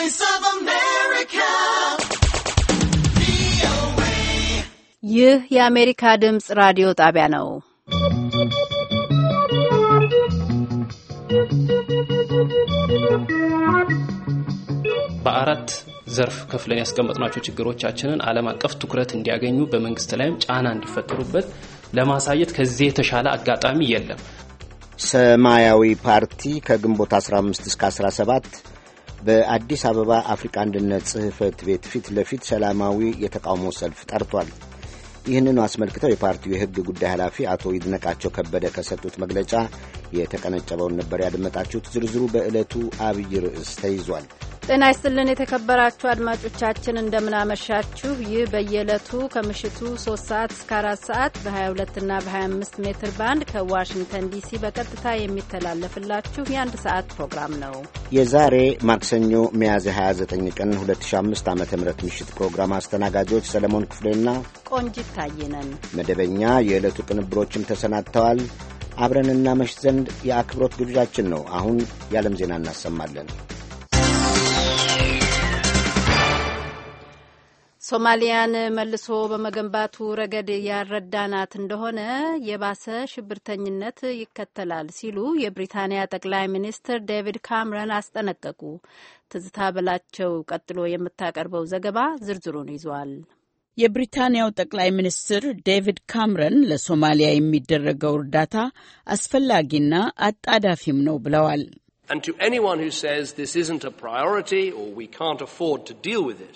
Voice of America. ይህ የአሜሪካ ድምፅ ራዲዮ ጣቢያ ነው። በአራት ዘርፍ ከፍለን ያስቀመጥናቸው ችግሮቻችንን ዓለም አቀፍ ትኩረት እንዲያገኙ በመንግስት ላይም ጫና እንዲፈጠሩበት ለማሳየት ከዚህ የተሻለ አጋጣሚ የለም። ሰማያዊ ፓርቲ ከግንቦት 15 እስከ 17 በአዲስ አበባ አፍሪካ አንድነት ጽህፈት ቤት ፊት ለፊት ሰላማዊ የተቃውሞ ሰልፍ ጠርቷል። ይህንኑ አስመልክተው የፓርቲው የሕግ ጉዳይ ኃላፊ አቶ ይድነቃቸው ከበደ ከሰጡት መግለጫ የተቀነጨበውን ነበር ያደመጣችሁት። ዝርዝሩ በዕለቱ አብይ ርዕስ ተይዟል። ጤና ይስጥልን የተከበራችሁ አድማጮቻችን እንደምናመሻችሁ። ይህ በየዕለቱ ከምሽቱ 3 ሰዓት እስከ 4 ሰዓት በ22ና በ25 ሜትር ባንድ ከዋሽንግተን ዲሲ በቀጥታ የሚተላለፍላችሁ የአንድ ሰዓት ፕሮግራም ነው። የዛሬ ማክሰኞ ሚያዝያ 29 ቀን 2005 ዓ ም ምሽት ፕሮግራም አስተናጋጆች ሰለሞን ክፍሌና ቆንጂት ታየነን። መደበኛ የዕለቱ ቅንብሮችም ተሰናድተዋል። አብረን እናመሽ ዘንድ የአክብሮት ግብዣችን ነው። አሁን የዓለም ዜና እናሰማለን። ሶማሊያን መልሶ በመገንባቱ ረገድ ያረዳናት እንደሆነ የባሰ ሽብርተኝነት ይከተላል ሲሉ የብሪታንያ ጠቅላይ ሚኒስትር ዴቪድ ካምረን አስጠነቀቁ። ትዝታ በላቸው ቀጥሎ የምታቀርበው ዘገባ ዝርዝሩን ይዟል። የብሪታንያው ጠቅላይ ሚኒስትር ዴቪድ ካምረን ለሶማሊያ የሚደረገው እርዳታ አስፈላጊና አጣዳፊም ነው ብለዋል። And to anyone who says this isn't a priority or we can't afford to deal with it,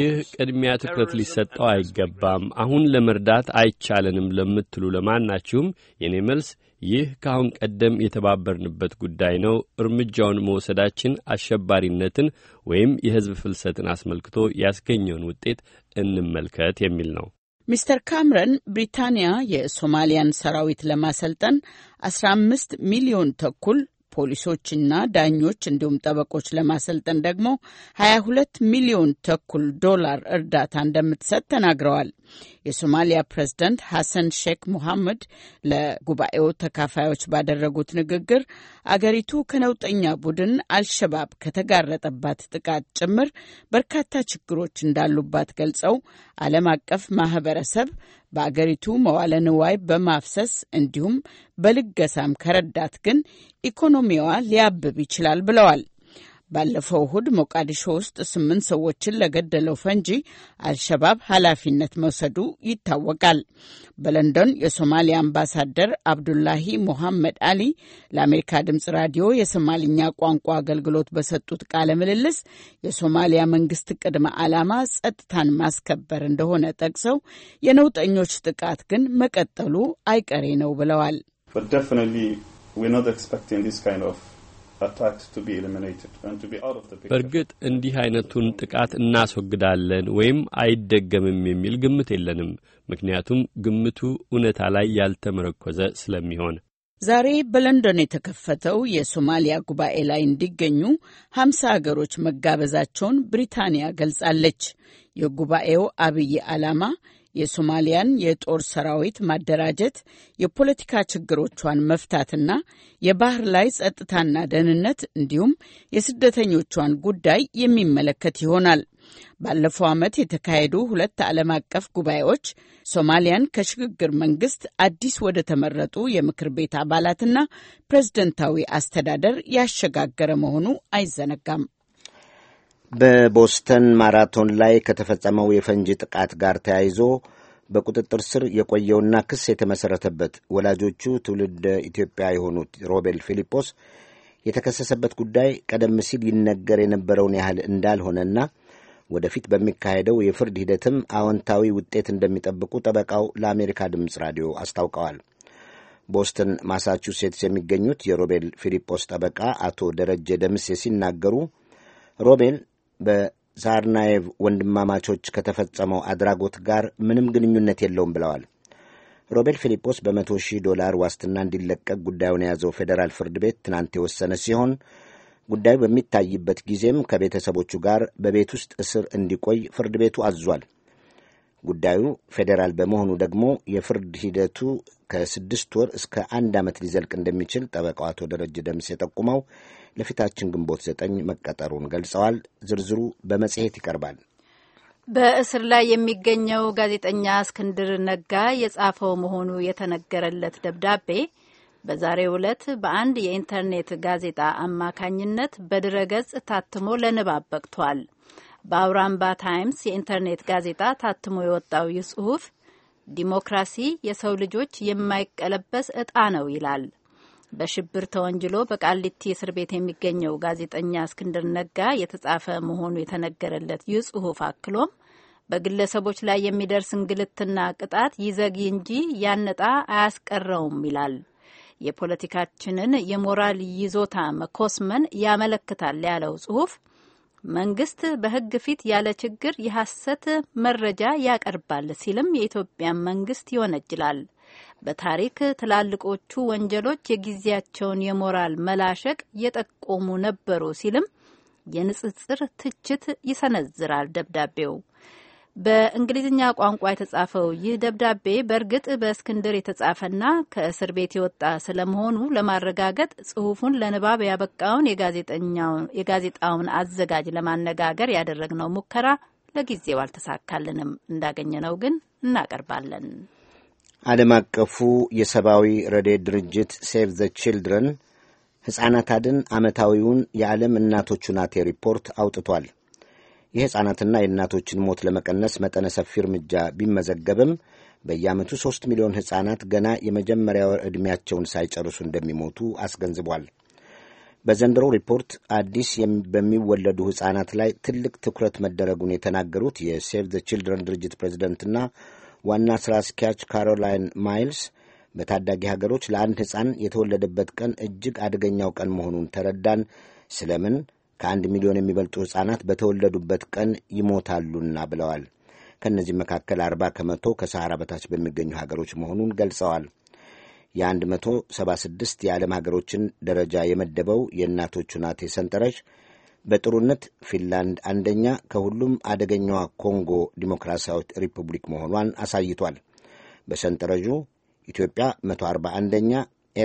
ይህ ቅድሚያ ትኩረት ሊሰጠው አይገባም። አሁን ለመርዳት አይቻለንም ለምትሉ ለማናችሁም የኔ መልስ ይህ ከአሁን ቀደም የተባበርንበት ጉዳይ ነው። እርምጃውን መውሰዳችን አሸባሪነትን ወይም የሕዝብ ፍልሰትን አስመልክቶ ያስገኘውን ውጤት እንመልከት የሚል ነው። ሚስተር ካምረን ብሪታንያ የሶማሊያን ሰራዊት ለማሰልጠን 15 ሚሊዮን ተኩል ፖሊሶችና ዳኞች እንዲሁም ጠበቆች ለማሰልጠን ደግሞ 22 ሚሊዮን ተኩል ዶላር እርዳታ እንደምትሰጥ ተናግረዋል። የሶማሊያ ፕሬዝዳንት ሐሰን ሼክ ሙሐመድ ለጉባኤው ተካፋዮች ባደረጉት ንግግር አገሪቱ ከነውጠኛ ቡድን አልሸባብ ከተጋረጠባት ጥቃት ጭምር በርካታ ችግሮች እንዳሉባት ገልጸው ዓለም አቀፍ ማህበረሰብ በአገሪቱ መዋለ ንዋይ በማፍሰስ እንዲሁም በልገሳም ከረዳት ግን ኢኮኖሚዋ ሊያብብ ይችላል ብለዋል። ባለፈው እሁድ ሞቃዲሾ ውስጥ ስምንት ሰዎችን ለገደለው ፈንጂ አልሸባብ ኃላፊነት መውሰዱ ይታወቃል። በለንደን የሶማሊያ አምባሳደር አብዱላሂ ሞሐመድ አሊ ለአሜሪካ ድምፅ ራዲዮ የሶማልኛ ቋንቋ አገልግሎት በሰጡት ቃለ ምልልስ የሶማሊያ መንግስት ቅድመ ዓላማ ጸጥታን ማስከበር እንደሆነ ጠቅሰው የነውጠኞች ጥቃት ግን መቀጠሉ አይቀሬ ነው ብለዋል። በእርግጥ እንዲህ አይነቱን ጥቃት እናስወግዳለን ወይም አይደገምም የሚል ግምት የለንም። ምክንያቱም ግምቱ እውነታ ላይ ያልተመረኮዘ ስለሚሆን። ዛሬ በለንደን የተከፈተው የሶማሊያ ጉባኤ ላይ እንዲገኙ ሀምሳ አገሮች መጋበዛቸውን ብሪታንያ ገልጻለች። የጉባኤው አብይ ዓላማ የሶማሊያን የጦር ሰራዊት ማደራጀት፣ የፖለቲካ ችግሮቿን መፍታትና የባህር ላይ ጸጥታና ደህንነት እንዲሁም የስደተኞቿን ጉዳይ የሚመለከት ይሆናል። ባለፈው ዓመት የተካሄዱ ሁለት ዓለም አቀፍ ጉባኤዎች ሶማሊያን ከሽግግር መንግስት አዲስ ወደ ተመረጡ የምክር ቤት አባላትና ፕሬዝደንታዊ አስተዳደር ያሸጋገረ መሆኑ አይዘነጋም። በቦስተን ማራቶን ላይ ከተፈጸመው የፈንጂ ጥቃት ጋር ተያይዞ በቁጥጥር ስር የቆየውና ክስ የተመሠረተበት ወላጆቹ ትውልድ ኢትዮጵያ የሆኑት ሮቤል ፊሊጶስ የተከሰሰበት ጉዳይ ቀደም ሲል ይነገር የነበረውን ያህል እንዳልሆነና ወደፊት በሚካሄደው የፍርድ ሂደትም አዎንታዊ ውጤት እንደሚጠብቁ ጠበቃው ለአሜሪካ ድምፅ ራዲዮ አስታውቀዋል። ቦስተን ማሳቹሴትስ የሚገኙት የሮቤል ፊሊጶስ ጠበቃ አቶ ደረጀ ደምሴ ሲናገሩ ሮቤል በዛርናየቭ ወንድማማቾች ከተፈጸመው አድራጎት ጋር ምንም ግንኙነት የለውም ብለዋል። ሮቤል ፊሊጶስ በመቶ ሺህ ዶላር ዋስትና እንዲለቀቅ ጉዳዩን የያዘው ፌዴራል ፍርድ ቤት ትናንት የወሰነ ሲሆን ጉዳዩ በሚታይበት ጊዜም ከቤተሰቦቹ ጋር በቤት ውስጥ እስር እንዲቆይ ፍርድ ቤቱ አዟል። ጉዳዩ ፌዴራል በመሆኑ ደግሞ የፍርድ ሂደቱ ከስድስት ወር እስከ አንድ ዓመት ሊዘልቅ እንደሚችል ጠበቃው አቶ ደረጀ የጠቁመው። ለፊታችን ግንቦት ዘጠኝ መቀጠሩን ገልጸዋል። ዝርዝሩ በመጽሔት ይቀርባል። በእስር ላይ የሚገኘው ጋዜጠኛ እስክንድር ነጋ የጻፈው መሆኑ የተነገረለት ደብዳቤ በዛሬው ዕለት በአንድ የኢንተርኔት ጋዜጣ አማካኝነት በድረገጽ ታትሞ ለንባብ በቅቷል። በአውራምባ ታይምስ የኢንተርኔት ጋዜጣ ታትሞ የወጣው ይህ ጽሑፍ ዲሞክራሲ የሰው ልጆች የማይቀለበስ ዕጣ ነው ይላል። በሽብር ተወንጅሎ በቃሊቲ እስር ቤት የሚገኘው ጋዜጠኛ እስክንድር ነጋ የተጻፈ መሆኑ የተነገረለት ይህ ጽሁፍ አክሎም በግለሰቦች ላይ የሚደርስ እንግልትና ቅጣት ይዘግ እንጂ ያነጣ አያስቀረውም ይላል። የፖለቲካችንን የሞራል ይዞታ መኮስመን ያመለክታል ያለው ጽሁፍ መንግስት በሕግ ፊት ያለ ችግር የሐሰት መረጃ ያቀርባል ሲልም የኢትዮጵያን መንግስት ይወነጅላል። በታሪክ ትላልቆቹ ወንጀሎች የጊዜያቸውን የሞራል መላሸቅ የጠቆሙ ነበሩ ሲልም የንጽጽር ትችት ይሰነዝራል ደብዳቤው። በእንግሊዝኛ ቋንቋ የተጻፈው ይህ ደብዳቤ በእርግጥ በእስክንድር የተጻፈና ከእስር ቤት የወጣ ስለመሆኑ ለማረጋገጥ ጽሁፉን ለንባብ ያበቃውን የጋዜጣውን አዘጋጅ ለማነጋገር ያደረግነው ሙከራ ለጊዜው አልተሳካልንም። እንዳገኘነው ግን እናቀርባለን። ዓለም አቀፉ የሰብአዊ ረዴት ድርጅት ሴቭ ዘ ችልድረን ሕፃናት አድን ዓመታዊውን የዓለም እናቶች ናቴ ሪፖርት አውጥቷል። የሕፃናትና የእናቶችን ሞት ለመቀነስ መጠነ ሰፊ እርምጃ ቢመዘገብም በየዓመቱ ሦስት ሚሊዮን ሕፃናት ገና ወር ዕድሜያቸውን ሳይጨርሱ እንደሚሞቱ አስገንዝቧል። በዘንድሮ ሪፖርት አዲስ በሚወለዱ ሕፃናት ላይ ትልቅ ትኩረት መደረጉን የተናገሩት የሴቭ ዘ ችልድረን ድርጅት ፕሬዚደንትና ዋና ሥራ አስኪያጅ ካሮላይን ማይልስ በታዳጊ ሀገሮች ለአንድ ሕፃን የተወለደበት ቀን እጅግ አደገኛው ቀን መሆኑን ተረዳን፣ ስለምን ከአንድ ሚሊዮን የሚበልጡ ሕፃናት በተወለዱበት ቀን ይሞታሉና ብለዋል። ከእነዚህ መካከል አርባ ከመቶ ከሰሐራ በታች በሚገኙ ሀገሮች መሆኑን ገልጸዋል። የአንድ መቶ ሰባ ስድስት የዓለም ሀገሮችን ደረጃ የመደበው የእናቶቹ ናቴ ሰንጠረዥ በጥሩነት ፊንላንድ አንደኛ፣ ከሁሉም አደገኛዋ ኮንጎ ዲሞክራሲያዊት ሪፑብሊክ መሆኗን አሳይቷል። በሰንጠረዡ ኢትዮጵያ 141ኛ፣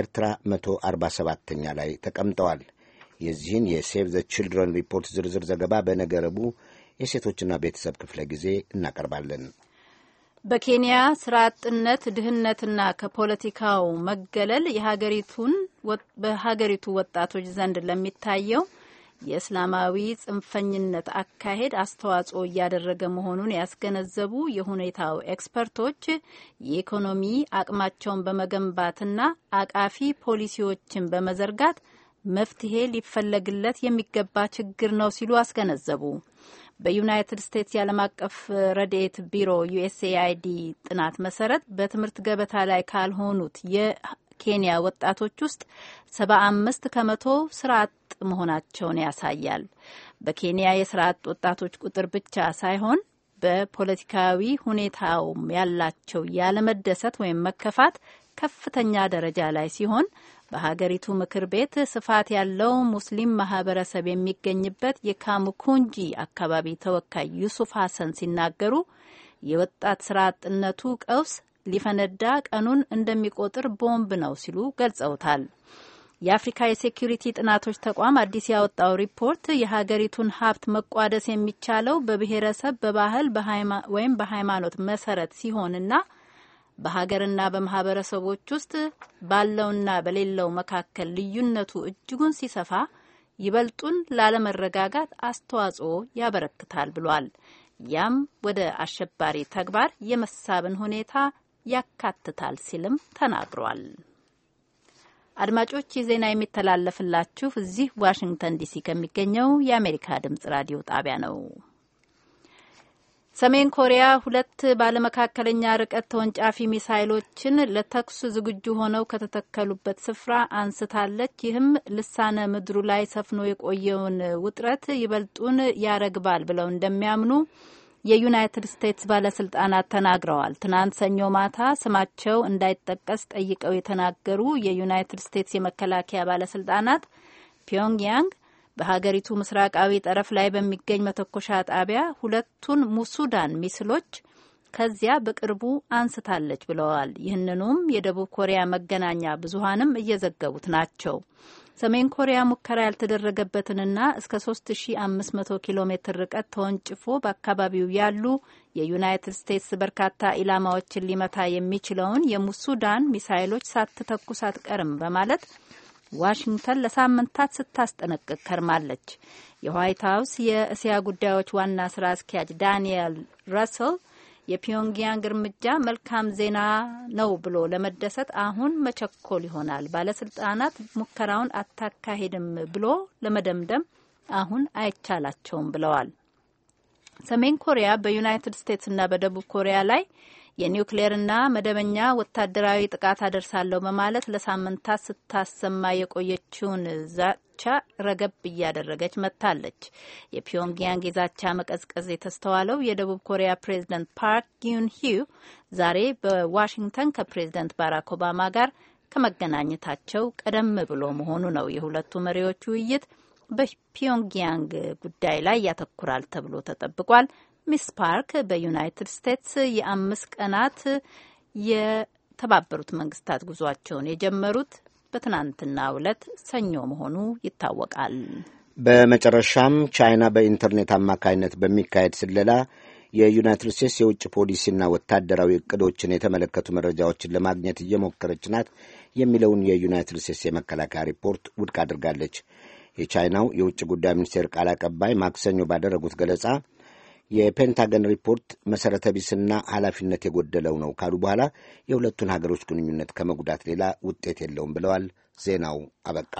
ኤርትራ 147ኛ ላይ ተቀምጠዋል። የዚህን የሴቭ ዘ ችልድረን ሪፖርት ዝርዝር ዘገባ በነገረቡ የሴቶችና ቤተሰብ ክፍለ ጊዜ እናቀርባለን። በኬንያ ስራ አጥነት፣ ድህነትና ከፖለቲካው መገለል የሀገሪቱን በሀገሪቱ ወጣቶች ዘንድ ለሚታየው የእስላማዊ ጽንፈኝነት አካሄድ አስተዋጽኦ እያደረገ መሆኑን ያስገነዘቡ የሁኔታው ኤክስፐርቶች የኢኮኖሚ አቅማቸውን በመገንባትና አቃፊ ፖሊሲዎችን በመዘርጋት መፍትሄ ሊፈለግለት የሚገባ ችግር ነው ሲሉ አስገነዘቡ። በዩናይትድ ስቴትስ የዓለም አቀፍ ረድኤት ቢሮ ዩኤስኤአይዲ ጥናት መሰረት በትምህርት ገበታ ላይ ካልሆኑት ኬንያ ወጣቶች ውስጥ አምስት ከመቶ ስራ አጥ መሆናቸውን ያሳያል። በኬንያ የስራ አጥ ወጣቶች ቁጥር ብቻ ሳይሆን በፖለቲካዊ ሁኔታውም ያላቸው ያለመደሰት ወይም መከፋት ከፍተኛ ደረጃ ላይ ሲሆን በሀገሪቱ ምክር ቤት ስፋት ያለው ሙስሊም ማህበረሰብ የሚገኝበት የካሙኩንጂ አካባቢ ተወካይ ዩሱፍ ሀሰን ሲናገሩ የወጣት ስራ አጥነቱ ቀውስ ሊፈነዳ ቀኑን እንደሚቆጥር ቦምብ ነው ሲሉ ገልጸውታል። የአፍሪካ የሴኩሪቲ ጥናቶች ተቋም አዲስ ያወጣው ሪፖርት የሀገሪቱን ሀብት መቋደስ የሚቻለው በብሔረሰብ፣ በባህል ወይም በሃይማኖት መሰረት ሲሆንና በሀገርና በማህበረሰቦች ውስጥ ባለውና በሌለው መካከል ልዩነቱ እጅጉን ሲሰፋ ይበልጡን ላለመረጋጋት አስተዋጽኦ ያበረክታል ብሏል። ያም ወደ አሸባሪ ተግባር የመሳብን ሁኔታ ያካትታል ሲልም ተናግሯል። አድማጮች ዜና የሚተላለፍላችሁ እዚህ ዋሽንግተን ዲሲ ከሚገኘው የአሜሪካ ድምጽ ራዲዮ ጣቢያ ነው። ሰሜን ኮሪያ ሁለት ባለመካከለኛ ርቀት ተወንጫፊ ሚሳይሎችን ለተኩስ ዝግጁ ሆነው ከተተከሉበት ስፍራ አንስታለች። ይህም ልሳነ ምድሩ ላይ ሰፍኖ የቆየውን ውጥረት ይበልጡን ያረግባል ብለው እንደሚያምኑ የዩናይትድ ስቴትስ ባለስልጣናት ተናግረዋል። ትናንት ሰኞ ማታ ስማቸው እንዳይጠቀስ ጠይቀው የተናገሩ የዩናይትድ ስቴትስ የመከላከያ ባለስልጣናት ፒዮንግያንግ በሀገሪቱ ምስራቃዊ ጠረፍ ላይ በሚገኝ መተኮሻ ጣቢያ ሁለቱን ሙሱዳን ሚስሎች ከዚያ በቅርቡ አንስታለች ብለዋል። ይህንኑም የደቡብ ኮሪያ መገናኛ ብዙሀንም እየዘገቡት ናቸው። ሰሜን ኮሪያ ሙከራ ያልተደረገበትንና እስከ 3500 ኪሎ ሜትር ርቀት ተወንጭፎ በአካባቢው ያሉ የዩናይትድ ስቴትስ በርካታ ኢላማዎችን ሊመታ የሚችለውን የሙሱዳን ሚሳይሎች ሳትተኩስ አትቀርም በማለት ዋሽንግተን ለሳምንታት ስታስጠነቅቅ ከርማለች። የዋይት ሀውስ የእስያ ጉዳዮች ዋና ስራ አስኪያጅ ዳንኤል ረስል የፒዮንግያንግ እርምጃ መልካም ዜና ነው ብሎ ለመደሰት አሁን መቸኮል ይሆናል። ባለስልጣናት ሙከራውን አታካሄድም ብሎ ለመደምደም አሁን አይቻላቸውም ብለዋል። ሰሜን ኮሪያ በዩናይትድ እና በደቡብ ኮሪያ ላይ የኒውክሌርና መደበኛ ወታደራዊ ጥቃት አደርሳለሁ በማለት ለሳምንታት ስታሰማ የቆየችውን ዛቻ ረገብ እያደረገች መጥታለች። የፒዮንግያንግ የዛቻ መቀዝቀዝ የተስተዋለው የደቡብ ኮሪያ ፕሬዝደንት ፓርክ ጊዩን ሂ ዛሬ በዋሽንግተን ከፕሬዝደንት ባራክ ኦባማ ጋር ከመገናኘታቸው ቀደም ብሎ መሆኑ ነው። የሁለቱ መሪዎች ውይይት በፒዮንግያንግ ጉዳይ ላይ ያተኩራል ተብሎ ተጠብቋል። ሚስ ፓርክ በዩናይትድ ስቴትስ የአምስት ቀናት የተባበሩት መንግስታት ጉዟቸውን የጀመሩት በትናንትና ዕለት ሰኞ መሆኑ ይታወቃል። በመጨረሻም ቻይና በኢንተርኔት አማካኝነት በሚካሄድ ስለላ የዩናይትድ ስቴትስ የውጭ ፖሊሲና ወታደራዊ እቅዶችን የተመለከቱ መረጃዎችን ለማግኘት እየሞከረች ናት የሚለውን የዩናይትድ ስቴትስ የመከላከያ ሪፖርት ውድቅ አድርጋለች። የቻይናው የውጭ ጉዳይ ሚኒስቴር ቃል አቀባይ ማክሰኞ ባደረጉት ገለጻ የፔንታገን ሪፖርት መሠረተ ቢስና ኃላፊነት የጎደለው ነው ካሉ በኋላ የሁለቱን ሀገሮች ግንኙነት ከመጉዳት ሌላ ውጤት የለውም ብለዋል። ዜናው አበቃ።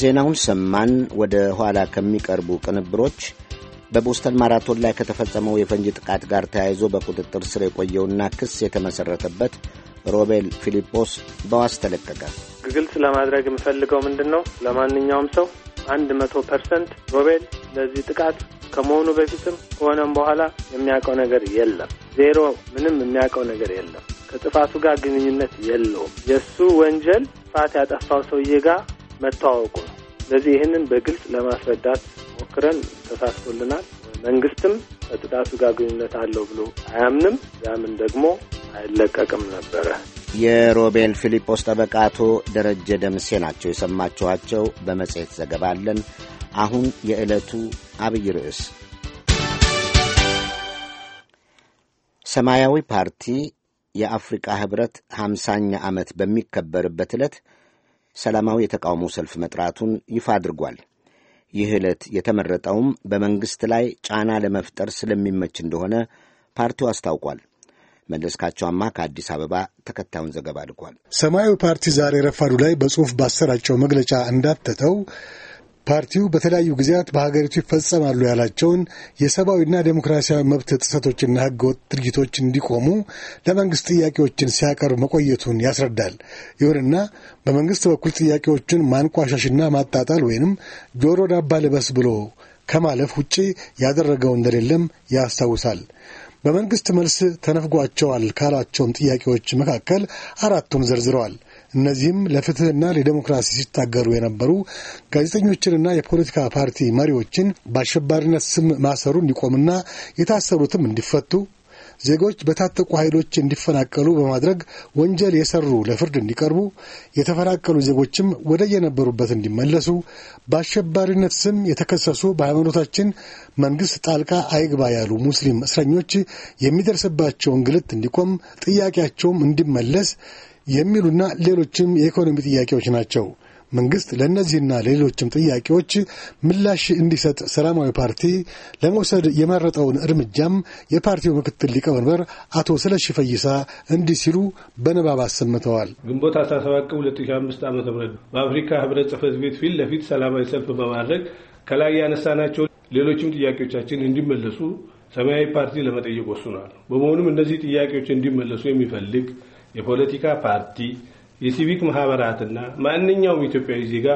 ዜናውን ሰማን። ወደ ኋላ ከሚቀርቡ ቅንብሮች በቦስተን ማራቶን ላይ ከተፈጸመው የፈንጂ ጥቃት ጋር ተያይዞ በቁጥጥር ስር የቆየውና ክስ የተመሠረተበት ሮቤል ፊሊጶስ በዋስ ተለቀቀ። ግልጽ ለማድረግ የምፈልገው ምንድን ነው፣ ለማንኛውም ሰው አንድ መቶ ፐርሰንት ሮቤል ለዚህ ጥቃት ከመሆኑ በፊትም ከሆነም በኋላ የሚያውቀው ነገር የለም። ዜሮ ምንም የሚያውቀው ነገር የለም። ከጥፋቱ ጋር ግንኙነት የለውም። የእሱ ወንጀል ጥፋት ያጠፋው ሰውዬ ጋር መተዋወቁ ነው። ስለዚህ ይህንን በግልጽ ለማስረዳት ሞክረን ተሳስቶልናል። መንግስትም ከጥቃቱ ጋር ግንኙነት አለው ብሎ አያምንም። ያምን ደግሞ አይለቀቅም ነበረ። የሮቤል ፊሊጶስ ጠበቃ አቶ ደረጀ ደምሴ ናቸው የሰማችኋቸው። በመጽሔት ዘገባ አለን። አሁን የዕለቱ አብይ ርዕስ ሰማያዊ ፓርቲ የአፍሪቃ ኅብረት ሃምሳኛ ዓመት በሚከበርበት ዕለት ሰላማዊ የተቃውሞ ሰልፍ መጥራቱን ይፋ አድርጓል። ይህ ዕለት የተመረጠውም በመንግሥት ላይ ጫና ለመፍጠር ስለሚመች እንደሆነ ፓርቲው አስታውቋል። መለስካቸዋማ ከአዲስ አበባ ተከታዩን ዘገባ አድርጓል። ሰማያዊ ፓርቲ ዛሬ ረፋዱ ላይ በጽሁፍ ባሰራጨው መግለጫ እንዳተተው ፓርቲው በተለያዩ ጊዜያት በሀገሪቱ ይፈጸማሉ ያላቸውን የሰብአዊና ዴሞክራሲያዊ መብት ጥሰቶችና ህገወጥ ድርጊቶች እንዲቆሙ ለመንግስት ጥያቄዎችን ሲያቀርብ መቆየቱን ያስረዳል። ይሁንና በመንግስት በኩል ጥያቄዎቹን ማንቋሻሽና ማጣጣል ወይንም ጆሮ ዳባ ልበስ ብሎ ከማለፍ ውጪ ያደረገው እንደሌለም ያስታውሳል። በመንግስት መልስ ተነፍጓቸዋል ካሏቸውም ጥያቄዎች መካከል አራቱን ዘርዝረዋል። እነዚህም ለፍትህና ለዴሞክራሲ ሲታገሩ የነበሩ ጋዜጠኞችንና የፖለቲካ ፓርቲ መሪዎችን በአሸባሪነት ስም ማሰሩ እንዲቆምና የታሰሩትም እንዲፈቱ ዜጎች በታጠቁ ኃይሎች እንዲፈናቀሉ በማድረግ ወንጀል የሰሩ ለፍርድ እንዲቀርቡ፣ የተፈናቀሉ ዜጎችም ወደ የነበሩበት እንዲመለሱ፣ በአሸባሪነት ስም የተከሰሱ በሃይማኖታችን መንግስት ጣልቃ አይግባ ያሉ ሙስሊም እስረኞች የሚደርስባቸው እንግልት እንዲቆም፣ ጥያቄያቸውም እንዲመለስ የሚሉና ሌሎችም የኢኮኖሚ ጥያቄዎች ናቸው። መንግስት ለእነዚህና ሌሎችም ጥያቄዎች ምላሽ እንዲሰጥ ሰላማዊ ፓርቲ ለመውሰድ የመረጠውን እርምጃም የፓርቲው ምክትል ሊቀመንበር አቶ ስለሺ ፈይሳ እንዲህ ሲሉ በንባብ አሰምተዋል። ግንቦት 17 2005 ዓ ም በአፍሪካ ህብረት ጽህፈት ቤት ፊት ለፊት ሰላማዊ ሰልፍ በማድረግ ከላይ ያነሳናቸው ሌሎችም ጥያቄዎቻችን እንዲመለሱ ሰማያዊ ፓርቲ ለመጠየቅ ወስኗል። በመሆኑም እነዚህ ጥያቄዎች እንዲመለሱ የሚፈልግ የፖለቲካ ፓርቲ የሲቪክ ማህበራትና ማንኛውም ኢትዮጵያዊ ዜጋ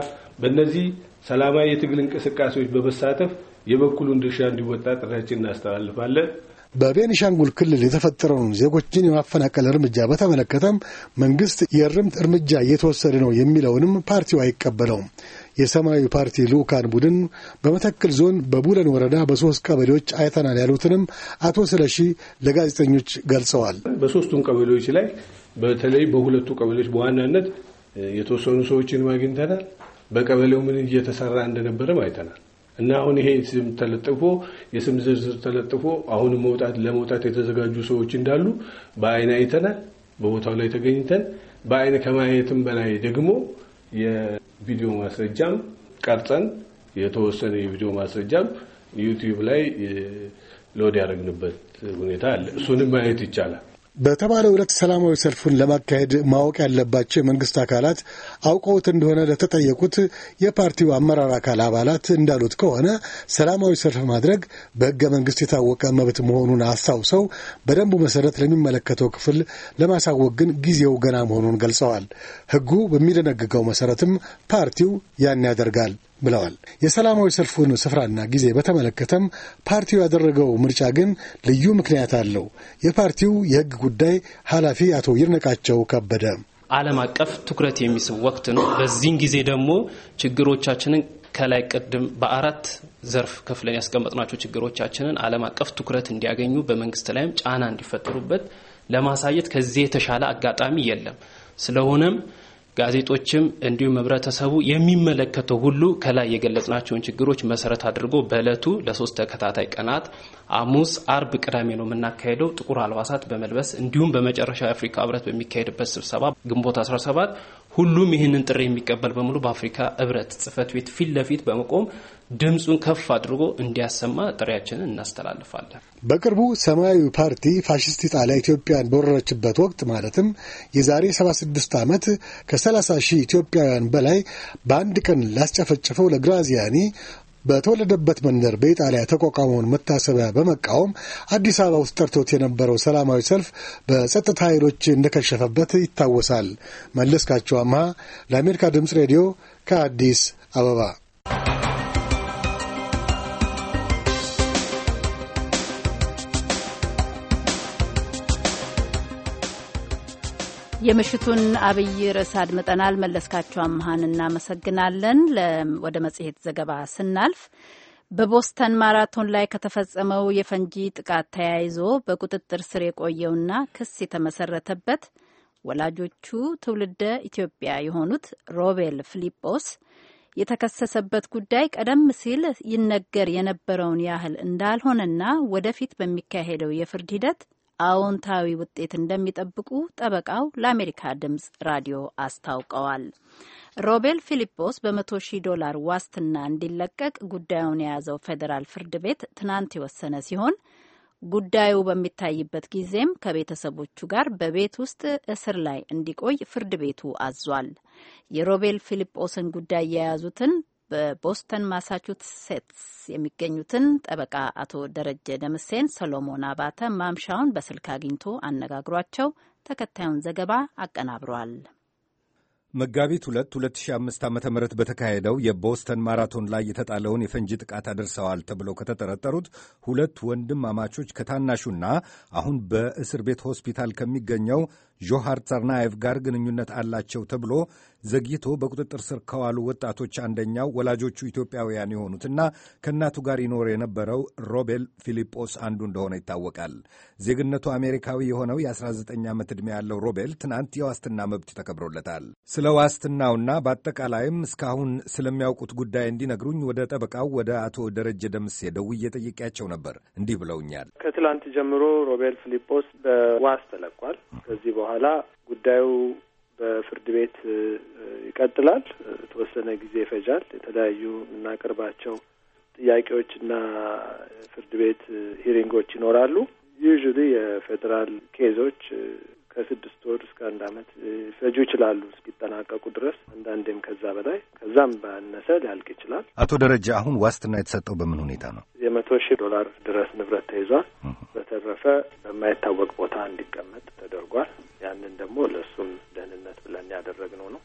በእነዚህ ሰላማዊ የትግል እንቅስቃሴዎች በመሳተፍ የበኩሉን ድርሻ እንዲወጣ ጥሪያችን እናስተላልፋለን። በቤኒሻንጉል ክልል የተፈጠረውን ዜጎችን የማፈናቀል እርምጃ በተመለከተም መንግስት የእርምት እርምጃ እየተወሰደ ነው የሚለውንም ፓርቲው አይቀበለውም። የሰማያዊ ፓርቲ ልዑካን ቡድን በመተክል ዞን በቡለን ወረዳ በሶስት ቀበሌዎች አይተናል ያሉትንም አቶ ስለሺ ለጋዜጠኞች ገልጸዋል። በሶስቱም ቀበሌዎች ላይ በተለይ በሁለቱ ቀበሌዎች በዋናነት የተወሰኑ ሰዎችን አግኝተናል። በቀበሌው ምን እየተሰራ እንደነበረም አይተናል እና አሁን ይሄ ስም ተለጥፎ የስም ዝርዝር ተለጥፎ አሁን መውጣት ለመውጣት የተዘጋጁ ሰዎች እንዳሉ በአይን አይተናል። በቦታው ላይ ተገኝተን በአይን ከማየትም በላይ ደግሞ የቪዲዮ ማስረጃም ቀርጸን የተወሰነ የቪዲዮ ማስረጃም ዩቲዩብ ላይ ሎድ ያደረግንበት ሁኔታ አለ። እሱንም ማየት ይቻላል። በተባለው ዕለት ሰላማዊ ሰልፉን ለማካሄድ ማወቅ ያለባቸው የመንግሥት አካላት አውቀውት እንደሆነ ለተጠየቁት የፓርቲው አመራር አካል አባላት እንዳሉት ከሆነ ሰላማዊ ሰልፍ ማድረግ በሕገ መንግሥት የታወቀ መብት መሆኑን አስታውሰው በደንቡ መሠረት ለሚመለከተው ክፍል ለማሳወቅ ግን ጊዜው ገና መሆኑን ገልጸዋል። ሕጉ በሚደነግገው መሠረትም ፓርቲው ያን ያደርጋል። ብለዋል። የሰላማዊ ሰልፉን ስፍራና ጊዜ በተመለከተም ፓርቲው ያደረገው ምርጫ ግን ልዩ ምክንያት አለው። የፓርቲው የህግ ጉዳይ ኃላፊ አቶ ይርነቃቸው ከበደ ዓለም አቀፍ ትኩረት የሚስብ ወቅት ነው። በዚህን ጊዜ ደግሞ ችግሮቻችንን ከላይ ቅድም በአራት ዘርፍ ከፍለን ያስቀመጥናቸው ችግሮቻችንን ዓለም አቀፍ ትኩረት እንዲያገኙ በመንግስት ላይም ጫና እንዲፈጠሩበት ለማሳየት ከዚህ የተሻለ አጋጣሚ የለም። ስለሆነም ጋዜጦችም እንዲሁም ህብረተሰቡ የሚመለከተው ሁሉ ከላይ የገለጽናቸውን ችግሮች መሰረት አድርጎ በእለቱ ለሶስት ተከታታይ ቀናት ሐሙስ፣ አርብ፣ ቅዳሜ ነው የምናካሄደው ጥቁር አልባሳት በመልበስ እንዲሁም በመጨረሻ የአፍሪካ ህብረት በሚካሄድበት ስብሰባ ግንቦት 17 ሁሉም ይህንን ጥሪ የሚቀበል በሙሉ በአፍሪካ ህብረት ጽህፈት ቤት ፊት ለፊት በመቆም ድምፁን ከፍ አድርጎ እንዲያሰማ ጥሪያችንን እናስተላልፋለን። በቅርቡ ሰማያዊ ፓርቲ ፋሽስት ኢጣሊያ ኢትዮጵያን በወረረችበት ወቅት ማለትም የዛሬ 76 ዓመት ከ30 ሺህ ኢትዮጵያውያን በላይ በአንድ ቀን ላስጨፈጨፈው ለግራዚያኒ በተወለደበት መንደር በኢጣሊያ የተቋቋመውን መታሰቢያ በመቃወም አዲስ አበባ ውስጥ ጠርቶት የነበረው ሰላማዊ ሰልፍ በጸጥታ ኃይሎች እንደከሸፈበት ይታወሳል። መለስካቸው አምሃ ለአሜሪካ ድምፅ ሬዲዮ ከአዲስ አበባ የምሽቱን አብይ ርዕስ አድምጠናል። መለስካቸው አምሃን እናመሰግናለን። ወደ መጽሔት ዘገባ ስናልፍ በቦስተን ማራቶን ላይ ከተፈጸመው የፈንጂ ጥቃት ተያይዞ በቁጥጥር ስር የቆየውና ክስ የተመሰረተበት ወላጆቹ ትውልደ ኢትዮጵያ የሆኑት ሮቤል ፊሊጶስ የተከሰሰበት ጉዳይ ቀደም ሲል ይነገር የነበረውን ያህል እንዳልሆነና ወደፊት በሚካሄደው የፍርድ ሂደት አዎንታዊ ውጤት እንደሚጠብቁ ጠበቃው ለአሜሪካ ድምጽ ራዲዮ አስታውቀዋል። ሮቤል ፊሊፖስ በመቶ ሺህ ዶላር ዋስትና እንዲለቀቅ ጉዳዩን የያዘው ፌዴራል ፍርድ ቤት ትናንት የወሰነ ሲሆን ጉዳዩ በሚታይበት ጊዜም ከቤተሰቦቹ ጋር በቤት ውስጥ እስር ላይ እንዲቆይ ፍርድ ቤቱ አዟል። የሮቤል ፊሊጶስን ጉዳይ የያዙትን በቦስተን ማሳቹሴትስ የሚገኙትን ጠበቃ አቶ ደረጀ ደምሴን ሰሎሞን አባተ ማምሻውን በስልክ አግኝቶ አነጋግሯቸው ተከታዩን ዘገባ አቀናብሯል። መጋቢት 2 2005 ዓ ም በተካሄደው የቦስተን ማራቶን ላይ የተጣለውን የፈንጂ ጥቃት አደርሰዋል ተብለው ከተጠረጠሩት ሁለት አማቾች ከታናሹና አሁን በእስር ቤት ሆስፒታል ከሚገኘው ጆሃር ጸርናኤቭ ጋር ግንኙነት አላቸው ተብሎ ዘግይቶ በቁጥጥር ስር ከዋሉ ወጣቶች አንደኛው ወላጆቹ ኢትዮጵያውያን የሆኑትና ከእናቱ ጋር ይኖር የነበረው ሮቤል ፊሊጶስ አንዱ እንደሆነ ይታወቃል። ዜግነቱ አሜሪካዊ የሆነው የ19 ዓመት ዕድሜ ያለው ሮቤል ትናንት የዋስትና መብት ተከብሮለታል። ስለ ዋስትናውና በአጠቃላይም እስካሁን ስለሚያውቁት ጉዳይ እንዲነግሩኝ ወደ ጠበቃው ወደ አቶ ደረጀ ደምሴ ደውዬ ጠይቄያቸው ነበር። እንዲህ ብለውኛል። ከትላንት ጀምሮ ሮቤል ፊሊጶስ በዋስ ተለቋል። ከዚህ በኋላ ጉዳዩ በፍርድ ቤት ይቀጥላል። የተወሰነ ጊዜ ይፈጃል። የተለያዩ የምናቀርባቸው ጥያቄዎችና ፍርድ ቤት ሂሪንጎች ይኖራሉ። ዩዥሊ የፌዴራል ኬዞች ከስድስት ወር እስከ አንድ አመት ሊፈጁ ይችላሉ እስኪጠናቀቁ ድረስ አንዳንዴም ከዛ በላይ ከዛም ባነሰ ሊያልቅ ይችላል። አቶ ደረጃ አሁን ዋስትና የተሰጠው በምን ሁኔታ ነው? የመቶ ሺህ ዶላር ድረስ ንብረት ተይዟል። በተረፈ በማይታወቅ ቦታ እንዲቀመጥ ተደርጓል። ያንን ደግሞ ለእሱም ደህንነት ብለን ያደረግነው ነው።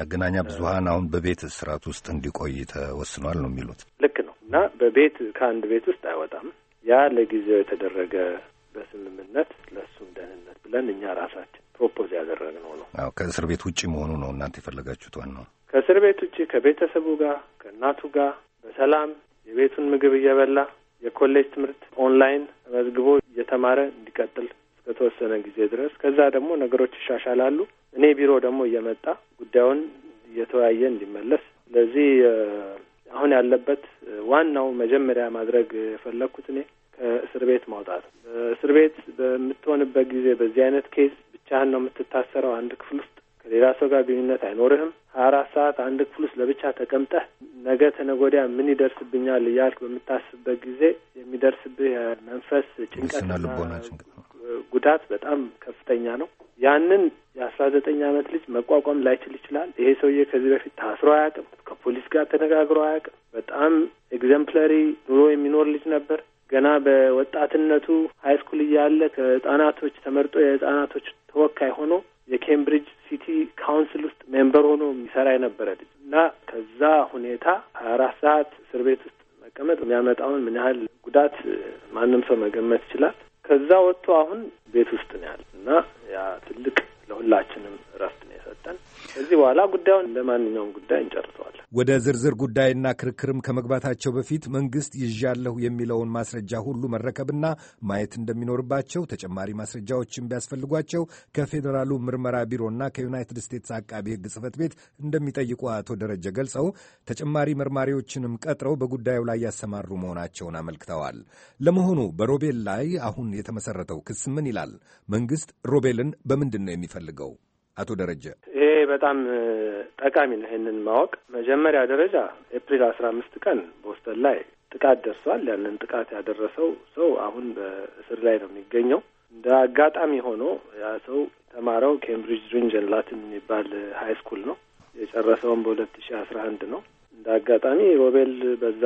መገናኛ ብዙሀን አሁን በቤት እስራት ውስጥ እንዲቆይ ተወስኗል ነው የሚሉት። ልክ ነው እና በቤት ከአንድ ቤት ውስጥ አይወጣም። ያ ለጊዜው የተደረገ በስምምነት ለእሱም ደህንነት ብለን እኛ ራሳችን ፕሮፖዝ ያደረግነው ነው። አዎ ከእስር ቤት ውጭ መሆኑ ነው እናንተ የፈለጋችሁት ዋናው። ከእስር ቤት ውጭ ከቤተሰቡ ጋር ከእናቱ ጋር በሰላም የቤቱን ምግብ እየበላ የኮሌጅ ትምህርት ኦንላይን ተመዝግቦ እየተማረ እንዲቀጥል እስከተወሰነ ጊዜ ድረስ ከዛ ደግሞ ነገሮች ይሻሻላሉ። እኔ ቢሮ ደግሞ እየመጣ ጉዳዩን እየተወያየ እንዲመለስ ስለዚህ አሁን ያለበት ዋናው መጀመሪያ ማድረግ የፈለግኩት እኔ እስር ቤት ማውጣት። እስር ቤት በምትሆንበት ጊዜ በዚህ አይነት ኬስ ብቻህን ነው የምትታሰረው። አንድ ክፍል ውስጥ ከሌላ ሰው ጋር ግንኙነት አይኖርህም። ሀያ አራት ሰዓት አንድ ክፍል ውስጥ ለብቻ ተቀምጠህ ነገ ተነጎዲያ ምን ይደርስብኛል እያልክ በምታስብበት ጊዜ የሚደርስብህ የመንፈስ ጭንቀትና ጉዳት በጣም ከፍተኛ ነው። ያንን የአስራ ዘጠኝ አመት ልጅ መቋቋም ላይችል ይችላል። ይሄ ሰውዬ ከዚህ በፊት ታስሮ አያውቅም። ከፖሊስ ጋር ተነጋግሮ አያውቅም። በጣም ኤግዘምፕለሪ ኑሮ የሚኖር ልጅ ነበር። ገና በወጣትነቱ ሀይስኩል እያለ ከህጻናቶች ተመርጦ የህጻናቶች ተወካይ ሆኖ የኬምብሪጅ ሲቲ ካውንስል ውስጥ ሜምበር ሆኖ የሚሰራ የነበረ ልጅ እና ከዛ ሁኔታ ሀያ አራት ሰዓት እስር ቤት ውስጥ መቀመጥ የሚያመጣውን ምን ያህል ጉዳት ማንም ሰው መገመት ይችላል። ከዛ ወጥቶ አሁን ቤት ውስጥ ነው ያለ እና ያ ትልቅ ለሁላችንም እረፍት ነው የሰጠን። ከዚህ በኋላ ጉዳዩን እንደ ማንኛውም ጉዳይ እንጨርሰዋለን። ወደ ዝርዝር ጉዳይና ክርክርም ከመግባታቸው በፊት መንግስት ይዣለሁ የሚለውን ማስረጃ ሁሉ መረከብና ማየት እንደሚኖርባቸው ተጨማሪ ማስረጃዎችን ቢያስፈልጓቸው ከፌዴራሉ ምርመራ ቢሮና ከዩናይትድ ስቴትስ አቃቢ ሕግ ጽህፈት ቤት እንደሚጠይቁ አቶ ደረጀ ገልጸው ተጨማሪ መርማሪዎችንም ቀጥረው በጉዳዩ ላይ ያሰማሩ መሆናቸውን አመልክተዋል። ለመሆኑ በሮቤል ላይ አሁን የተመሰረተው ክስ ምን ይላል? መንግስት ሮቤልን በምንድን ነው የሚፈልገው? አቶ ደረጀ ይሄ በጣም ጠቃሚ ነው። ይህንን ማወቅ መጀመሪያ ደረጃ ኤፕሪል አስራ አምስት ቀን ቦስተን ላይ ጥቃት ደርሷል። ያንን ጥቃት ያደረሰው ሰው አሁን በእስር ላይ ነው የሚገኘው። እንደ አጋጣሚ ሆኖ ያ ሰው ተማረው ኬምብሪጅ ሪንጀን ላትን የሚባል ሀይ ስኩል ነው። የጨረሰውን በሁለት ሺ አስራ አንድ ነው። እንደ አጋጣሚ ሮቤል በዛ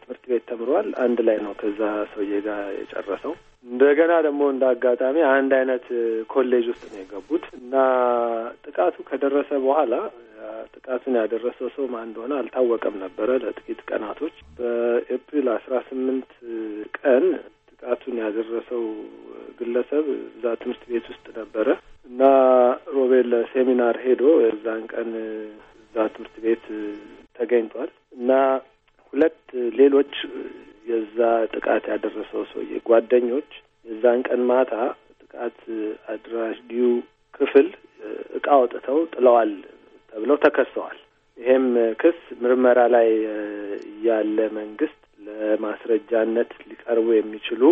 ትምህርት ቤት ተምሯል። አንድ ላይ ነው ከዛ ሰውዬ ጋር የጨረሰው። እንደገና ደግሞ እንደ አጋጣሚ አንድ አይነት ኮሌጅ ውስጥ ነው የገቡት እና ጥቃቱ ከደረሰ በኋላ ጥቃቱን ያደረሰው ሰው ማን እንደሆነ አልታወቀም ነበረ ለጥቂት ቀናቶች። በኤፕሪል አስራ ስምንት ቀን ጥቃቱን ያደረሰው ግለሰብ እዛ ትምህርት ቤት ውስጥ ነበረ እና ሮቤል ለሴሚናር ሄዶ የዛን ቀን እዛ ትምህርት ቤት ተገኝቷል እና ሁለት ሌሎች የዛ ጥቃት ያደረሰው ሰውዬ ጓደኞች የዛን ቀን ማታ ጥቃት ዲዩ ክፍል እቃ አውጥተው ጥለዋል ተብለው ተከሰዋል። ይሄም ክስ ምርመራ ላይ ያለ መንግስት ለማስረጃነት ሊቀርቡ የሚችሉ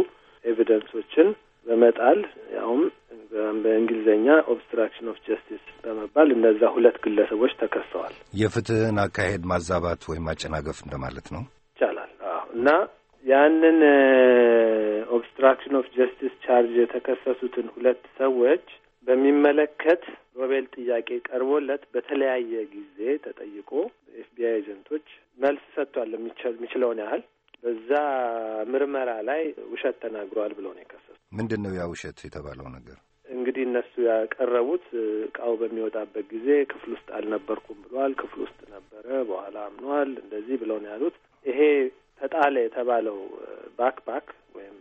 ኤቪደንሶችን በመጣል ያውም በእንግሊዝኛ ኦብስትራክሽን ኦፍ ጀስቲስ በመባል እነዛ ሁለት ግለሰቦች ተከሰዋል። የፍትህን አካሄድ ማዛባት ወይም ማጨናገፍ እንደማለት ነው ይቻላል። እና ያንን ኦብስትራክሽን ኦፍ ጀስቲስ ቻርጅ የተከሰሱትን ሁለት ሰዎች በሚመለከት ሮቤል ጥያቄ ቀርቦለት በተለያየ ጊዜ ተጠይቆ ኤፍቢአይ ኤጀንቶች መልስ ሰጥቷል የሚችለውን ያህል በዛ ምርመራ ላይ ውሸት ተናግረዋል ብለው ነው የከሰሱ። ምንድን ነው ያ ውሸት የተባለው ነገር? እንግዲህ እነሱ ያቀረቡት እቃው በሚወጣበት ጊዜ ክፍል ውስጥ አልነበርኩም ብለዋል። ክፍል ውስጥ ነበረ፣ በኋላ አምኗል፣ እንደዚህ ብለው ነው ያሉት። ይሄ ተጣለ የተባለው ባክባክ ወይም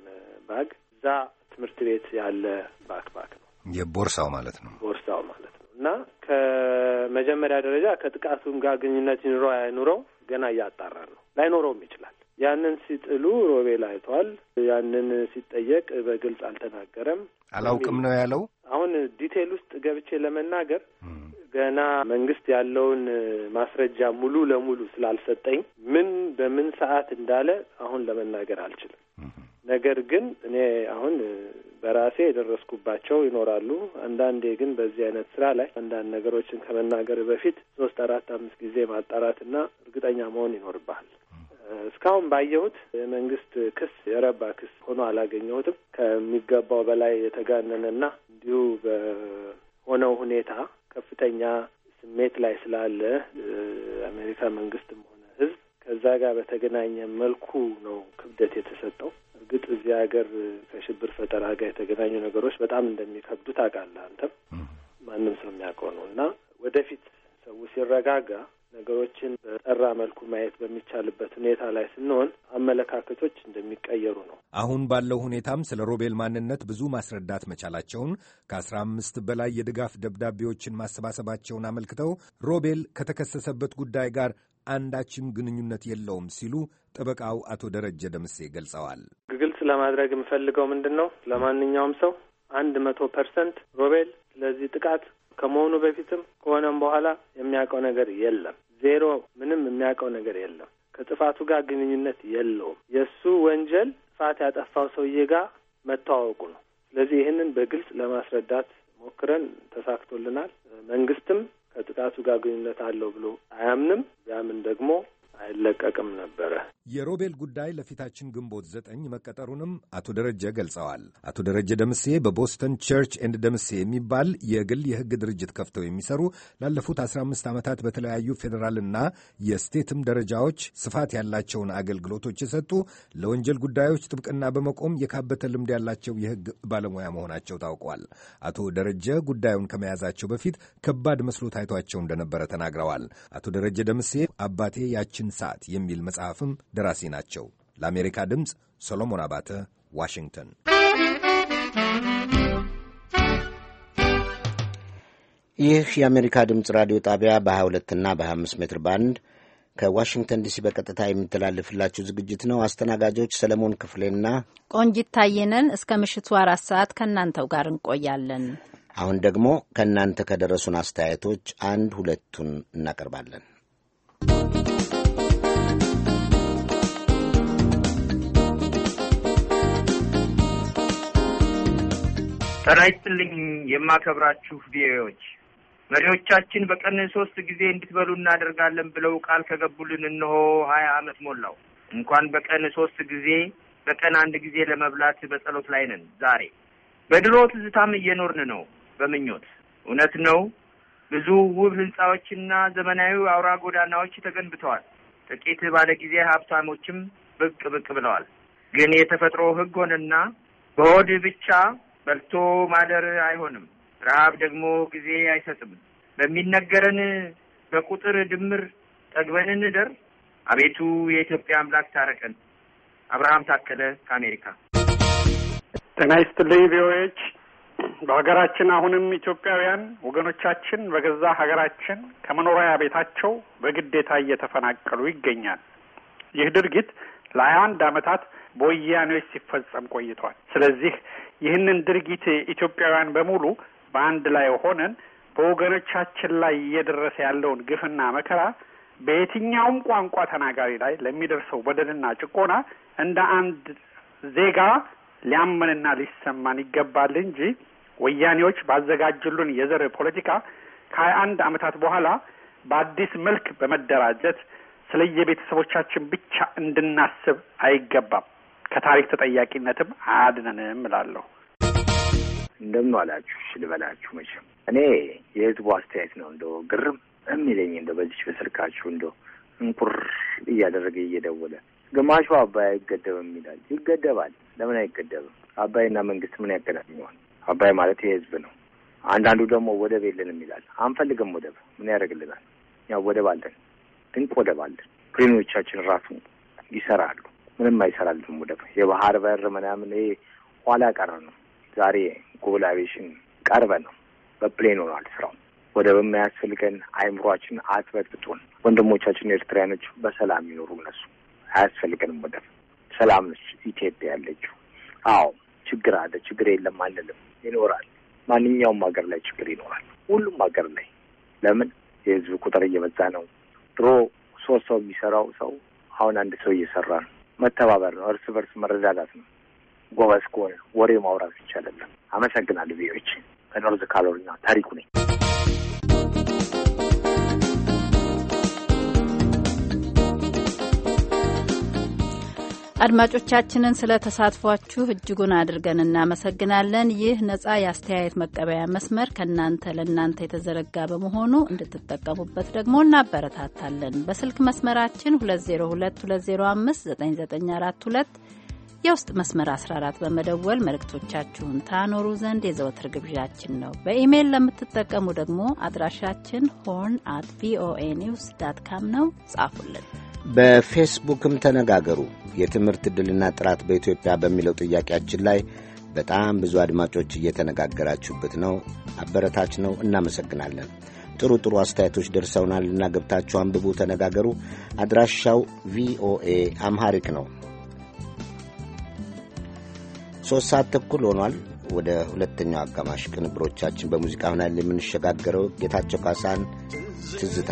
ባግ እዛ ትምህርት ቤት ያለ ባክባክ ነው፣ የቦርሳው ማለት ነው፣ ቦርሳው ማለት ነው። እና ከመጀመሪያ ደረጃ ከጥቃቱም ጋር ግንኙነት ይኑረው አይኑረው ገና እያጣራ ነው፣ ላይኖረውም ይችላል። ያንን ሲጥሉ ሮቤል አይቷል። ያንን ሲጠየቅ በግልጽ አልተናገረም። አላውቅም ነው ያለው። አሁን ዲቴል ውስጥ ገብቼ ለመናገር ገና መንግስት ያለውን ማስረጃ ሙሉ ለሙሉ ስላልሰጠኝ ምን በምን ሰዓት እንዳለ አሁን ለመናገር አልችልም። ነገር ግን እኔ አሁን በራሴ የደረስኩባቸው ይኖራሉ። አንዳንዴ ግን በዚህ አይነት ስራ ላይ አንዳንድ ነገሮችን ከመናገር በፊት ሶስት አራት አምስት ጊዜ ማጣራትና እርግጠኛ መሆን ይኖርብሃል። እስካሁን ባየሁት የመንግስት ክስ የረባ ክስ ሆኖ አላገኘሁትም። ከሚገባው በላይ የተጋነነና እንዲሁ በሆነው ሁኔታ ከፍተኛ ስሜት ላይ ስላለ አሜሪካ መንግስትም ሆነ ህዝብ ከዛ ጋር በተገናኘ መልኩ ነው ክብደት የተሰጠው። እርግጥ እዚህ ሀገር ከሽብር ፈጠራ ጋር የተገናኙ ነገሮች በጣም እንደሚከብዱ ታውቃለህ አንተም፣ ማንም ሰው የሚያውቀው ነው እና ወደፊት ሰው ሲረጋጋ ነገሮችን በጠራ መልኩ ማየት በሚቻልበት ሁኔታ ላይ ስንሆን አመለካከቶች እንደሚቀየሩ ነው። አሁን ባለው ሁኔታም ስለ ሮቤል ማንነት ብዙ ማስረዳት መቻላቸውን ከአስራ አምስት በላይ የድጋፍ ደብዳቤዎችን ማሰባሰባቸውን አመልክተው ሮቤል ከተከሰሰበት ጉዳይ ጋር አንዳችም ግንኙነት የለውም ሲሉ ጠበቃው አቶ ደረጀ ደምሴ ገልጸዋል። ግልጽ ለማድረግ የምፈልገው ምንድን ነው ለማንኛውም ሰው አንድ መቶ ፐርሰንት ሮቤል ለዚህ ጥቃት ከመሆኑ በፊትም ከሆነም በኋላ የሚያውቀው ነገር የለም። ዜሮ፣ ምንም የሚያውቀው ነገር የለም። ከጥፋቱ ጋር ግንኙነት የለውም። የእሱ ወንጀል ጥፋት ያጠፋው ሰውዬ ጋር መተዋወቁ ነው። ስለዚህ ይህንን በግልጽ ለማስረዳት ሞክረን ተሳክቶልናል። መንግስትም ከጥቃቱ ጋር ግንኙነት አለው ብሎ አያምንም። ያምን ደግሞ አይለቀቅም ነበረ። የሮቤል ጉዳይ ለፊታችን ግንቦት ዘጠኝ መቀጠሩንም አቶ ደረጀ ገልጸዋል። አቶ ደረጀ ደምሴ በቦስተን ቸርች ኤንድ ደምሴ የሚባል የግል የሕግ ድርጅት ከፍተው የሚሰሩ ላለፉት 15 ዓመታት በተለያዩ ፌዴራልና የስቴትም ደረጃዎች ስፋት ያላቸውን አገልግሎቶች የሰጡ ለወንጀል ጉዳዮች ጥብቅና በመቆም የካበተ ልምድ ያላቸው የሕግ ባለሙያ መሆናቸው ታውቋል። አቶ ደረጀ ጉዳዩን ከመያዛቸው በፊት ከባድ መስሎ ታይቷቸው እንደነበረ ተናግረዋል። አቶ ደረጀ ደምሴ አባቴ ያችን የሰዎችን ሰዓት የሚል መጽሐፍም ደራሲ ናቸው። ለአሜሪካ ድምፅ ሰሎሞን አባተ ዋሽንግተን። ይህ የአሜሪካ ድምፅ ራዲዮ ጣቢያ በ22 እና በ25 ሜትር ባንድ ከዋሽንግተን ዲሲ በቀጥታ የሚተላለፍላችሁ ዝግጅት ነው። አስተናጋጆች ሰለሞን ክፍሌና ቆንጂት ታየነን እስከ ምሽቱ አራት ሰዓት ከእናንተው ጋር እንቆያለን። አሁን ደግሞ ከእናንተ ከደረሱን አስተያየቶች አንድ ሁለቱን እናቀርባለን። ጤና ይስጥልኝ የማከብራችሁ ቪኦኤዎች መሪዎቻችን በቀን ሶስት ጊዜ እንድትበሉ እናደርጋለን ብለው ቃል ከገቡልን እነሆ ሀያ አመት ሞላው። እንኳን በቀን ሶስት ጊዜ በቀን አንድ ጊዜ ለመብላት በጸሎት ላይ ነን። ዛሬ በድሮ ትዝታም እየኖርን ነው በምኞት እውነት ነው። ብዙ ውብ ህንጻዎችና ዘመናዊ አውራ ጎዳናዎች ተገንብተዋል። ጥቂት ባለጊዜ ሀብታሞችም ብቅ ብቅ ብለዋል። ግን የተፈጥሮ ህግ ሆነና በሆድ ብቻ በልቶ ማደር አይሆንም። ረሀብ ደግሞ ጊዜ አይሰጥም። በሚነገረን በቁጥር ድምር ጠግበን እንደር። አቤቱ የኢትዮጵያ አምላክ ታረቀን። አብርሃም ታከለ ከአሜሪካ። ጤና ይስጥልኝ ቪኦኤዎች። በሀገራችን አሁንም ኢትዮጵያውያን ወገኖቻችን በገዛ ሀገራችን ከመኖሪያ ቤታቸው በግዴታ እየተፈናቀሉ ይገኛል። ይህ ድርጊት ለሀያ አንድ አመታት በወያኔዎች ሲፈጸም ቆይቷል። ስለዚህ ይህንን ድርጊት ኢትዮጵያውያን በሙሉ በአንድ ላይ ሆነን በወገኖቻችን ላይ እየደረሰ ያለውን ግፍና መከራ በየትኛውም ቋንቋ ተናጋሪ ላይ ለሚደርሰው በደልና ጭቆና እንደ አንድ ዜጋ ሊያመንና ሊሰማን ይገባል እንጂ ወያኔዎች ባዘጋጅሉን የዘር ፖለቲካ ከሀያ አንድ ዓመታት በኋላ በአዲስ መልክ በመደራጀት ስለየቤተሰቦቻችን ብቻ እንድናስብ አይገባም። ከታሪክ ተጠያቂነትም አያድነንም እላለሁ። እንደምን አላችሁ ልበላችሁ። መቼም እኔ የህዝቡ አስተያየት ነው እንደ ግርም የሚለኝ እንደ በዚች በስልካችሁ እንደ እንቁር እያደረገ እየደወለ ግማሹ አባይ አይገደብም ይላል። ይገደባል። ለምን አይገደብም? አባይና መንግስት ምን ያገናኘዋል? አባይ ማለት የህዝብ ነው። አንዳንዱ ደግሞ ወደብ የለንም ይላል። አንፈልግም ወደብ ምን ያደርግልናል? ያው ወደብ አለን፣ ድንቅ ወደብ አለን። ፕሌኖቻችን ራሱ ይሰራሉ። ምንም አይሰራል። አይሰራልም። ደግሞ የባህር በር ምናምን ይሄ ኋላ ቀረ ነው። ዛሬ ጎል አቬሽን ቀርበ ነው በፕሌን ሆኗል ስራው። ወደ በማያስፈልገን አይምሯችን አትበጥብጡን። ወንድሞቻችን ኤርትራያኖች በሰላም ይኖሩ። እነሱ አያስፈልገንም ወደብ። ሰላም ነች ኢትዮጵያ ያለችው። አዎ ችግር አለ። ችግር የለም አንልም፣ ይኖራል። ማንኛውም ሀገር ላይ ችግር ይኖራል። ሁሉም ሀገር ላይ ለምን የህዝብ ቁጥር እየበዛ ነው። ድሮ ሶስት ሰው የሚሰራው ሰው አሁን አንድ ሰው እየሰራ ነው። መተባበር ነው፣ እርስ በርስ መረዳዳት ነው። ጎበዝ ከሆነ ወሬ ማውራት ይቻላል። አመሰግናለሁ። ብሄሮች ከኖርዝ ካሎሪና ታሪኩ ነኝ። አድማጮቻችንን ስለ ተሳትፏችሁ እጅጉን አድርገን እናመሰግናለን። ይህ ነጻ የአስተያየት መቀበያ መስመር ከእናንተ ለእናንተ የተዘረጋ በመሆኑ እንድትጠቀሙበት ደግሞ እናበረታታለን። በስልክ መስመራችን 2022059942 የውስጥ መስመር 14 በመደወል መልእክቶቻችሁን ታኖሩ ዘንድ የዘወትር ግብዣችን ነው። በኢሜይል ለምትጠቀሙ ደግሞ አድራሻችን ሆርን አት ቪኦኤ ኒውስ ዳት ካም ነው። ጻፉልን። በፌስቡክም ተነጋገሩ። የትምህርት ዕድልና ጥራት በኢትዮጵያ በሚለው ጥያቄያችን ላይ በጣም ብዙ አድማጮች እየተነጋገራችሁበት ነው። አበረታች ነው። እናመሰግናለን። ጥሩ ጥሩ አስተያየቶች ደርሰውናል እና ገብታችሁ አንብቡ፣ ተነጋገሩ። አድራሻው ቪኦኤ አምሃሪክ ነው። ሦስት ሰዓት ተኩል ሆኗል። ወደ ሁለተኛው አጋማሽ ቅንብሮቻችን በሙዚቃ ይሆናል የምንሸጋገረው። ጌታቸው ካሳን ትዝታ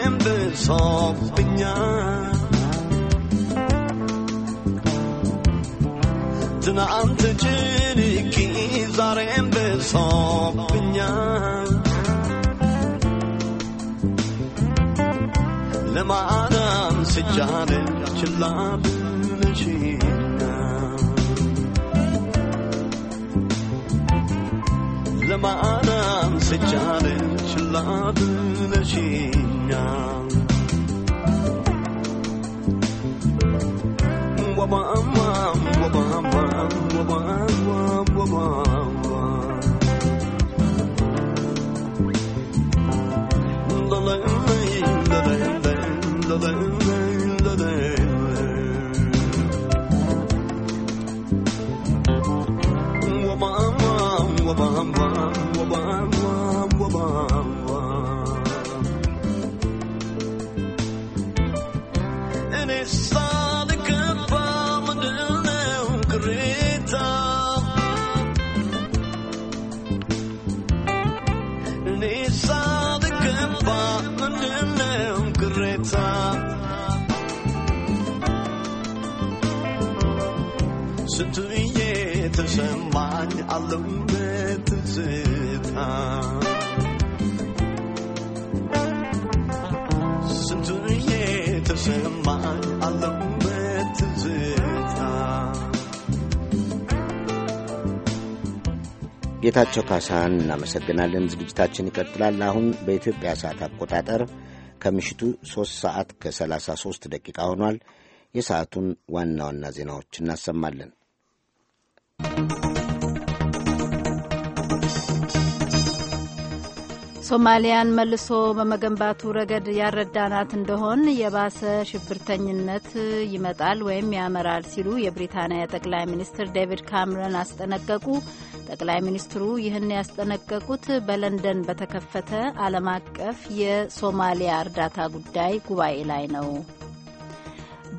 duendes o piña. ትናንት ጭንቂ ዛሬም ብሶብኛል ለማዳም ስጃለ ችላ ብለሽኛ ለማዳም ስጃለ 是喇子的新娘。哇哇哇哇哇哇哇哇哇哇哇哇。哒哒哒哒哒哒哒哒哒哒。ስትዬ ተሰማኝ አለውበት ጌታቸው ካሳህን እናመሰግናለን። ዝግጅታችን ይቀጥላል። አሁን በኢትዮጵያ ሰዓት አቆጣጠር ከምሽቱ 3 ሰዓት ከ33 ደቂቃ ሆኗል። የሰዓቱን ዋና ዋና ዜናዎች እናሰማለን። ሶማሊያን መልሶ በመገንባቱ ረገድ ያረዳናት እንደሆን የባሰ ሽብርተኝነት ይመጣል ወይም ያመራል ሲሉ የብሪታንያ ጠቅላይ ሚኒስትር ዴቪድ ካምረን አስጠነቀቁ። ጠቅላይ ሚኒስትሩ ይህን ያስጠነቀቁት በለንደን በተከፈተ ዓለም አቀፍ የሶማሊያ እርዳታ ጉዳይ ጉባኤ ላይ ነው።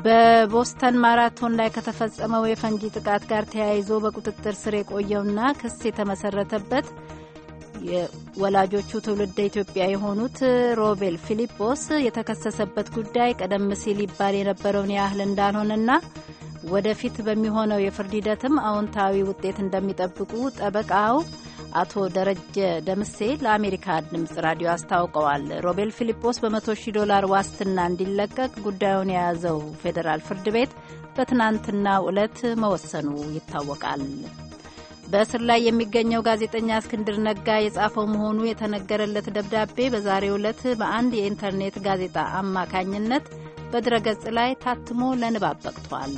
በቦስተን ማራቶን ላይ ከተፈጸመው የፈንጂ ጥቃት ጋር ተያይዞ በቁጥጥር ስር የቆየውና ክስ የተመሰረተበት የወላጆቹ ትውልደ ኢትዮጵያ የሆኑት ሮቤል ፊሊጶስ የተከሰሰበት ጉዳይ ቀደም ሲል ይባል የነበረውን ያህል እንዳልሆነና ወደፊት በሚሆነው የፍርድ ሂደትም አዎንታዊ ውጤት እንደሚጠብቁ ጠበቃው አቶ ደረጀ ደምሴ ለአሜሪካ ድምፅ ራዲዮ አስታውቀዋል። ሮቤል ፊሊጶስ በመቶ ሺህ ዶላር ዋስትና እንዲለቀቅ ጉዳዩን የያዘው ፌዴራል ፍርድ ቤት በትናንትናው ዕለት መወሰኑ ይታወቃል። በእስር ላይ የሚገኘው ጋዜጠኛ እስክንድር ነጋ የጻፈው መሆኑ የተነገረለት ደብዳቤ በዛሬው ዕለት በአንድ የኢንተርኔት ጋዜጣ አማካኝነት በድረገጽ ላይ ታትሞ ለንባብ በቅቷል።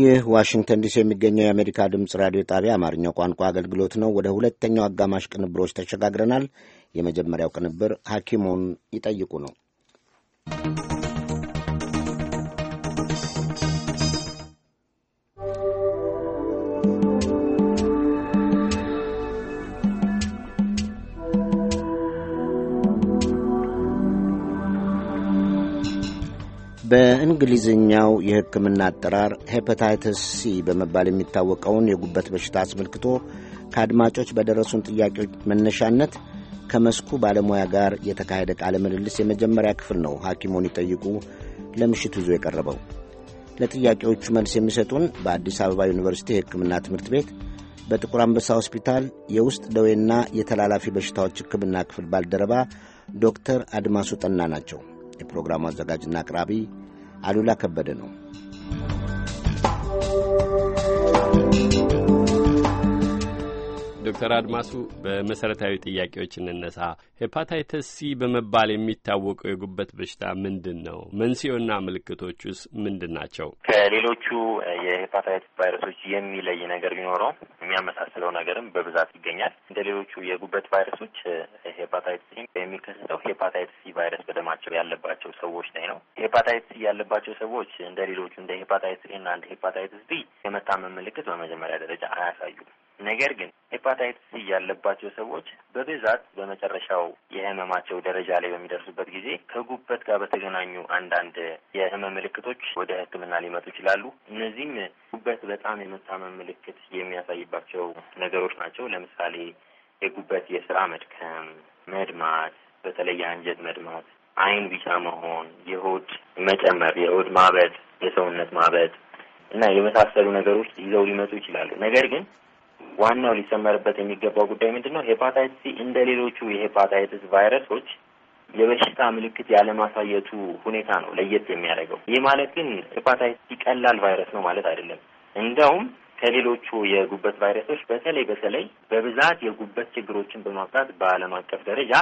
ይህ ዋሽንግተን ዲሲ የሚገኘው የአሜሪካ ድምፅ ራዲዮ ጣቢያ አማርኛው ቋንቋ አገልግሎት ነው። ወደ ሁለተኛው አጋማሽ ቅንብሮች ተሸጋግረናል። የመጀመሪያው ቅንብር ሐኪሙን ይጠይቁ ነው። በእንግሊዝኛው የሕክምና አጠራር ሄፐታይተስ ሲ በመባል የሚታወቀውን የጉበት በሽታ አስመልክቶ ከአድማጮች በደረሱን ጥያቄዎች መነሻነት ከመስኩ ባለሙያ ጋር የተካሄደ ቃለ ምልልስ የመጀመሪያ ክፍል ነው። ሐኪሙን ይጠይቁ ለምሽቱ ይዞ የቀረበው ለጥያቄዎቹ መልስ የሚሰጡን በአዲስ አበባ ዩኒቨርሲቲ የሕክምና ትምህርት ቤት በጥቁር አንበሳ ሆስፒታል የውስጥ ደዌና የተላላፊ በሽታዎች ሕክምና ክፍል ባልደረባ ዶክተር አድማሱ ጠና ናቸው። የፕሮግራሙ አዘጋጅና አቅራቢ አሉላ ከበደ ነው። ዶክተር አድማሱ በመሰረታዊ ጥያቄዎች እንነሳ። ሄፓታይተስ ሲ በመባል የሚታወቀው የጉበት በሽታ ምንድን ነው? መንስኤውና ምልክቶቹስ ምንድን ናቸው? ከሌሎቹ የሄፓታይተስ ቫይረሶች የሚለይ ነገር ቢኖረው የሚያመሳስለው ነገርም በብዛት ይገኛል። እንደ ሌሎቹ የጉበት ቫይረሶች ሄፓታይተስ ሲ የሚከሰተው ሄፓታይተስ ሲ ቫይረስ በደማቸው ያለባቸው ሰዎች ላይ ነው። ሄፓታይተስ ሲ ያለባቸው ሰዎች እንደ ሌሎቹ እንደ ሄፓታይተስ ኤ እና እንደ ሄፓታይተስ ቢ የመታመን ምልክት በመጀመሪያ ደረጃ አያሳዩም። ነገር ግን ሄፓታይትስ ሲ ያለባቸው ሰዎች በብዛት በመጨረሻው የህመማቸው ደረጃ ላይ በሚደርሱበት ጊዜ ከጉበት ጋር በተገናኙ አንዳንድ የህመም ምልክቶች ወደ ሕክምና ሊመጡ ይችላሉ። እነዚህም ጉበት በጣም የመታመም ምልክት የሚያሳይባቸው ነገሮች ናቸው። ለምሳሌ የጉበት የስራ መድከም፣ መድማት፣ በተለይ የአንጀት መድማት፣ አይን ቢጫ መሆን፣ የሆድ መጨመር፣ የሆድ ማበጥ፣ የሰውነት ማበጥ እና የመሳሰሉ ነገሮች ይዘው ሊመጡ ይችላሉ። ነገር ግን ዋናው ሊሰመርበት የሚገባው ጉዳይ ምንድን ነው? ሄፓታይትስ ሲ እንደ ሌሎቹ የሄፓታይትስ ቫይረሶች የበሽታ ምልክት ያለማሳየቱ ሁኔታ ነው ለየት የሚያደርገው። ይህ ማለት ግን ሄፓታይትስ ሲ ቀላል ቫይረስ ነው ማለት አይደለም። እንደውም ከሌሎቹ የጉበት ቫይረሶች በተለይ በተለይ በብዛት የጉበት ችግሮችን በማብዛት በዓለም አቀፍ ደረጃ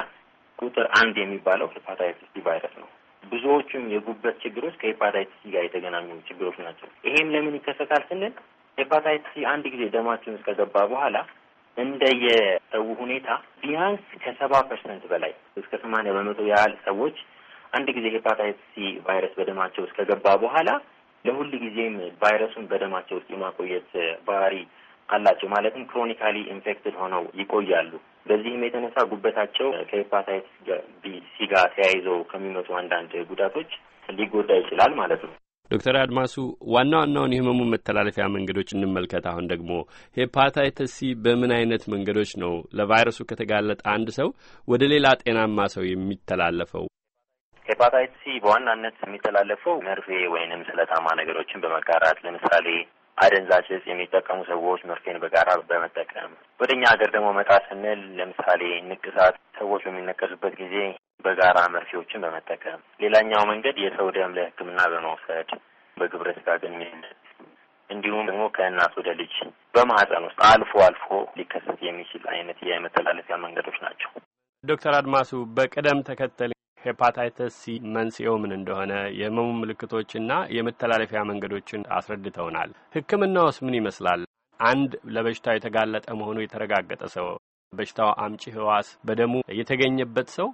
ቁጥር አንድ የሚባለው ሄፓታይትስ ሲ ቫይረስ ነው። ብዙዎቹም የጉበት ችግሮች ከሄፓታይትስ ሲ ጋር የተገናኙ ችግሮች ናቸው። ይሄም ለምን ይከሰታል ስንል ሄፓታይት ሲ አንድ ጊዜ ደማችን እስከገባ በኋላ እንደ የሰው ሁኔታ ቢያንስ ከሰባ ፐርሰንት በላይ እስከ ሰማንያ በመቶ ያህል ሰዎች አንድ ጊዜ ሄፓታይት ሲ ቫይረስ በደማቸው እስከገባ በኋላ ለሁል ጊዜም ቫይረሱን በደማቸው ውስጥ የማቆየት ባህሪ አላቸው። ማለትም ክሮኒካሊ ኢንፌክትድ ሆነው ይቆያሉ። በዚህም የተነሳ ጉበታቸው ከሄፓታይት ቢ ሲ ጋር ተያይዘው ከሚመጡ አንዳንድ ጉዳቶች ሊጎዳ ይችላል ማለት ነው። ዶክተር አድማሱ ዋና ዋናውን የህመሙ መተላለፊያ መንገዶች እንመልከት። አሁን ደግሞ ሄፓታይተስ ሲ በምን አይነት መንገዶች ነው ለቫይረሱ ከተጋለጠ አንድ ሰው ወደ ሌላ ጤናማ ሰው የሚተላለፈው? ሄፓታይተስ ሲ በዋናነት የሚተላለፈው መርፌ ወይንም ስለታማ ነገሮችን በመጋራት ለምሳሌ አደንዛዥ እጽ የሚጠቀሙ ሰዎች መርፌን በጋራ በመጠቀም ወደ እኛ ሀገር ደግሞ መጣ ስንል ለምሳሌ ንቅሳት ሰዎች በሚነቀሱበት ጊዜ በጋራ መርፌዎችን በመጠቀም ሌላኛው መንገድ የሰው ደም ለሕክምና በመውሰድ በግብረ ስጋ ግንኙነት እንዲሁም ደግሞ ከእናት ወደ ልጅ በማህፀን ውስጥ አልፎ አልፎ ሊከሰት የሚችል አይነት የመተላለፊያ መንገዶች ናቸው። ዶክተር አድማሱ በቅደም ተከተል ሄፓታይተስ ሲ መንስኤው ምን እንደሆነ የህመሙ ምልክቶችና የመተላለፊያ መንገዶችን አስረድተውናል። ህክምናውስ ምን ይመስላል? አንድ ለበሽታው የተጋለጠ መሆኑ የተረጋገጠ ሰው በሽታው አምጪ ህዋስ በደሙ የተገኘበት ሰው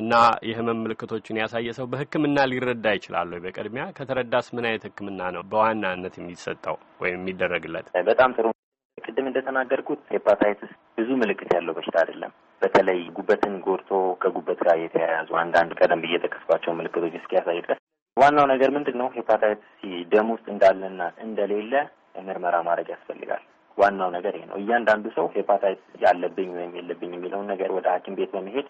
እና የህመም ምልክቶችን ያሳየ ሰው በህክምና ሊረዳ ይችላሉ በቅድሚያ ከተረዳስ ምን አይነት ህክምና ነው በዋናነት የሚሰጠው ወይም የሚደረግለት? በጣም ጥሩ። ቅድም እንደተናገርኩት ሄፓታይትስ ብዙ ምልክት ያለው በሽታ አይደለም። በተለይ ጉበትን ጎድቶ ከጉበት ጋር የተያያዙ አንዳንድ ቀደም ብዬ የጠቀስኳቸው ምልክቶች እስኪያሳይ ድረስ ዋናው ነገር ምንድን ነው? ሄፓታይትስ ደም ውስጥ እንዳለና እንደሌለ ምርመራ ማድረግ ያስፈልጋል። ዋናው ነገር ይሄ ነው። እያንዳንዱ ሰው ሄፓታይትስ ያለብኝ ወይም የለብኝ የሚለውን ነገር ወደ ሐኪም ቤት በመሄድ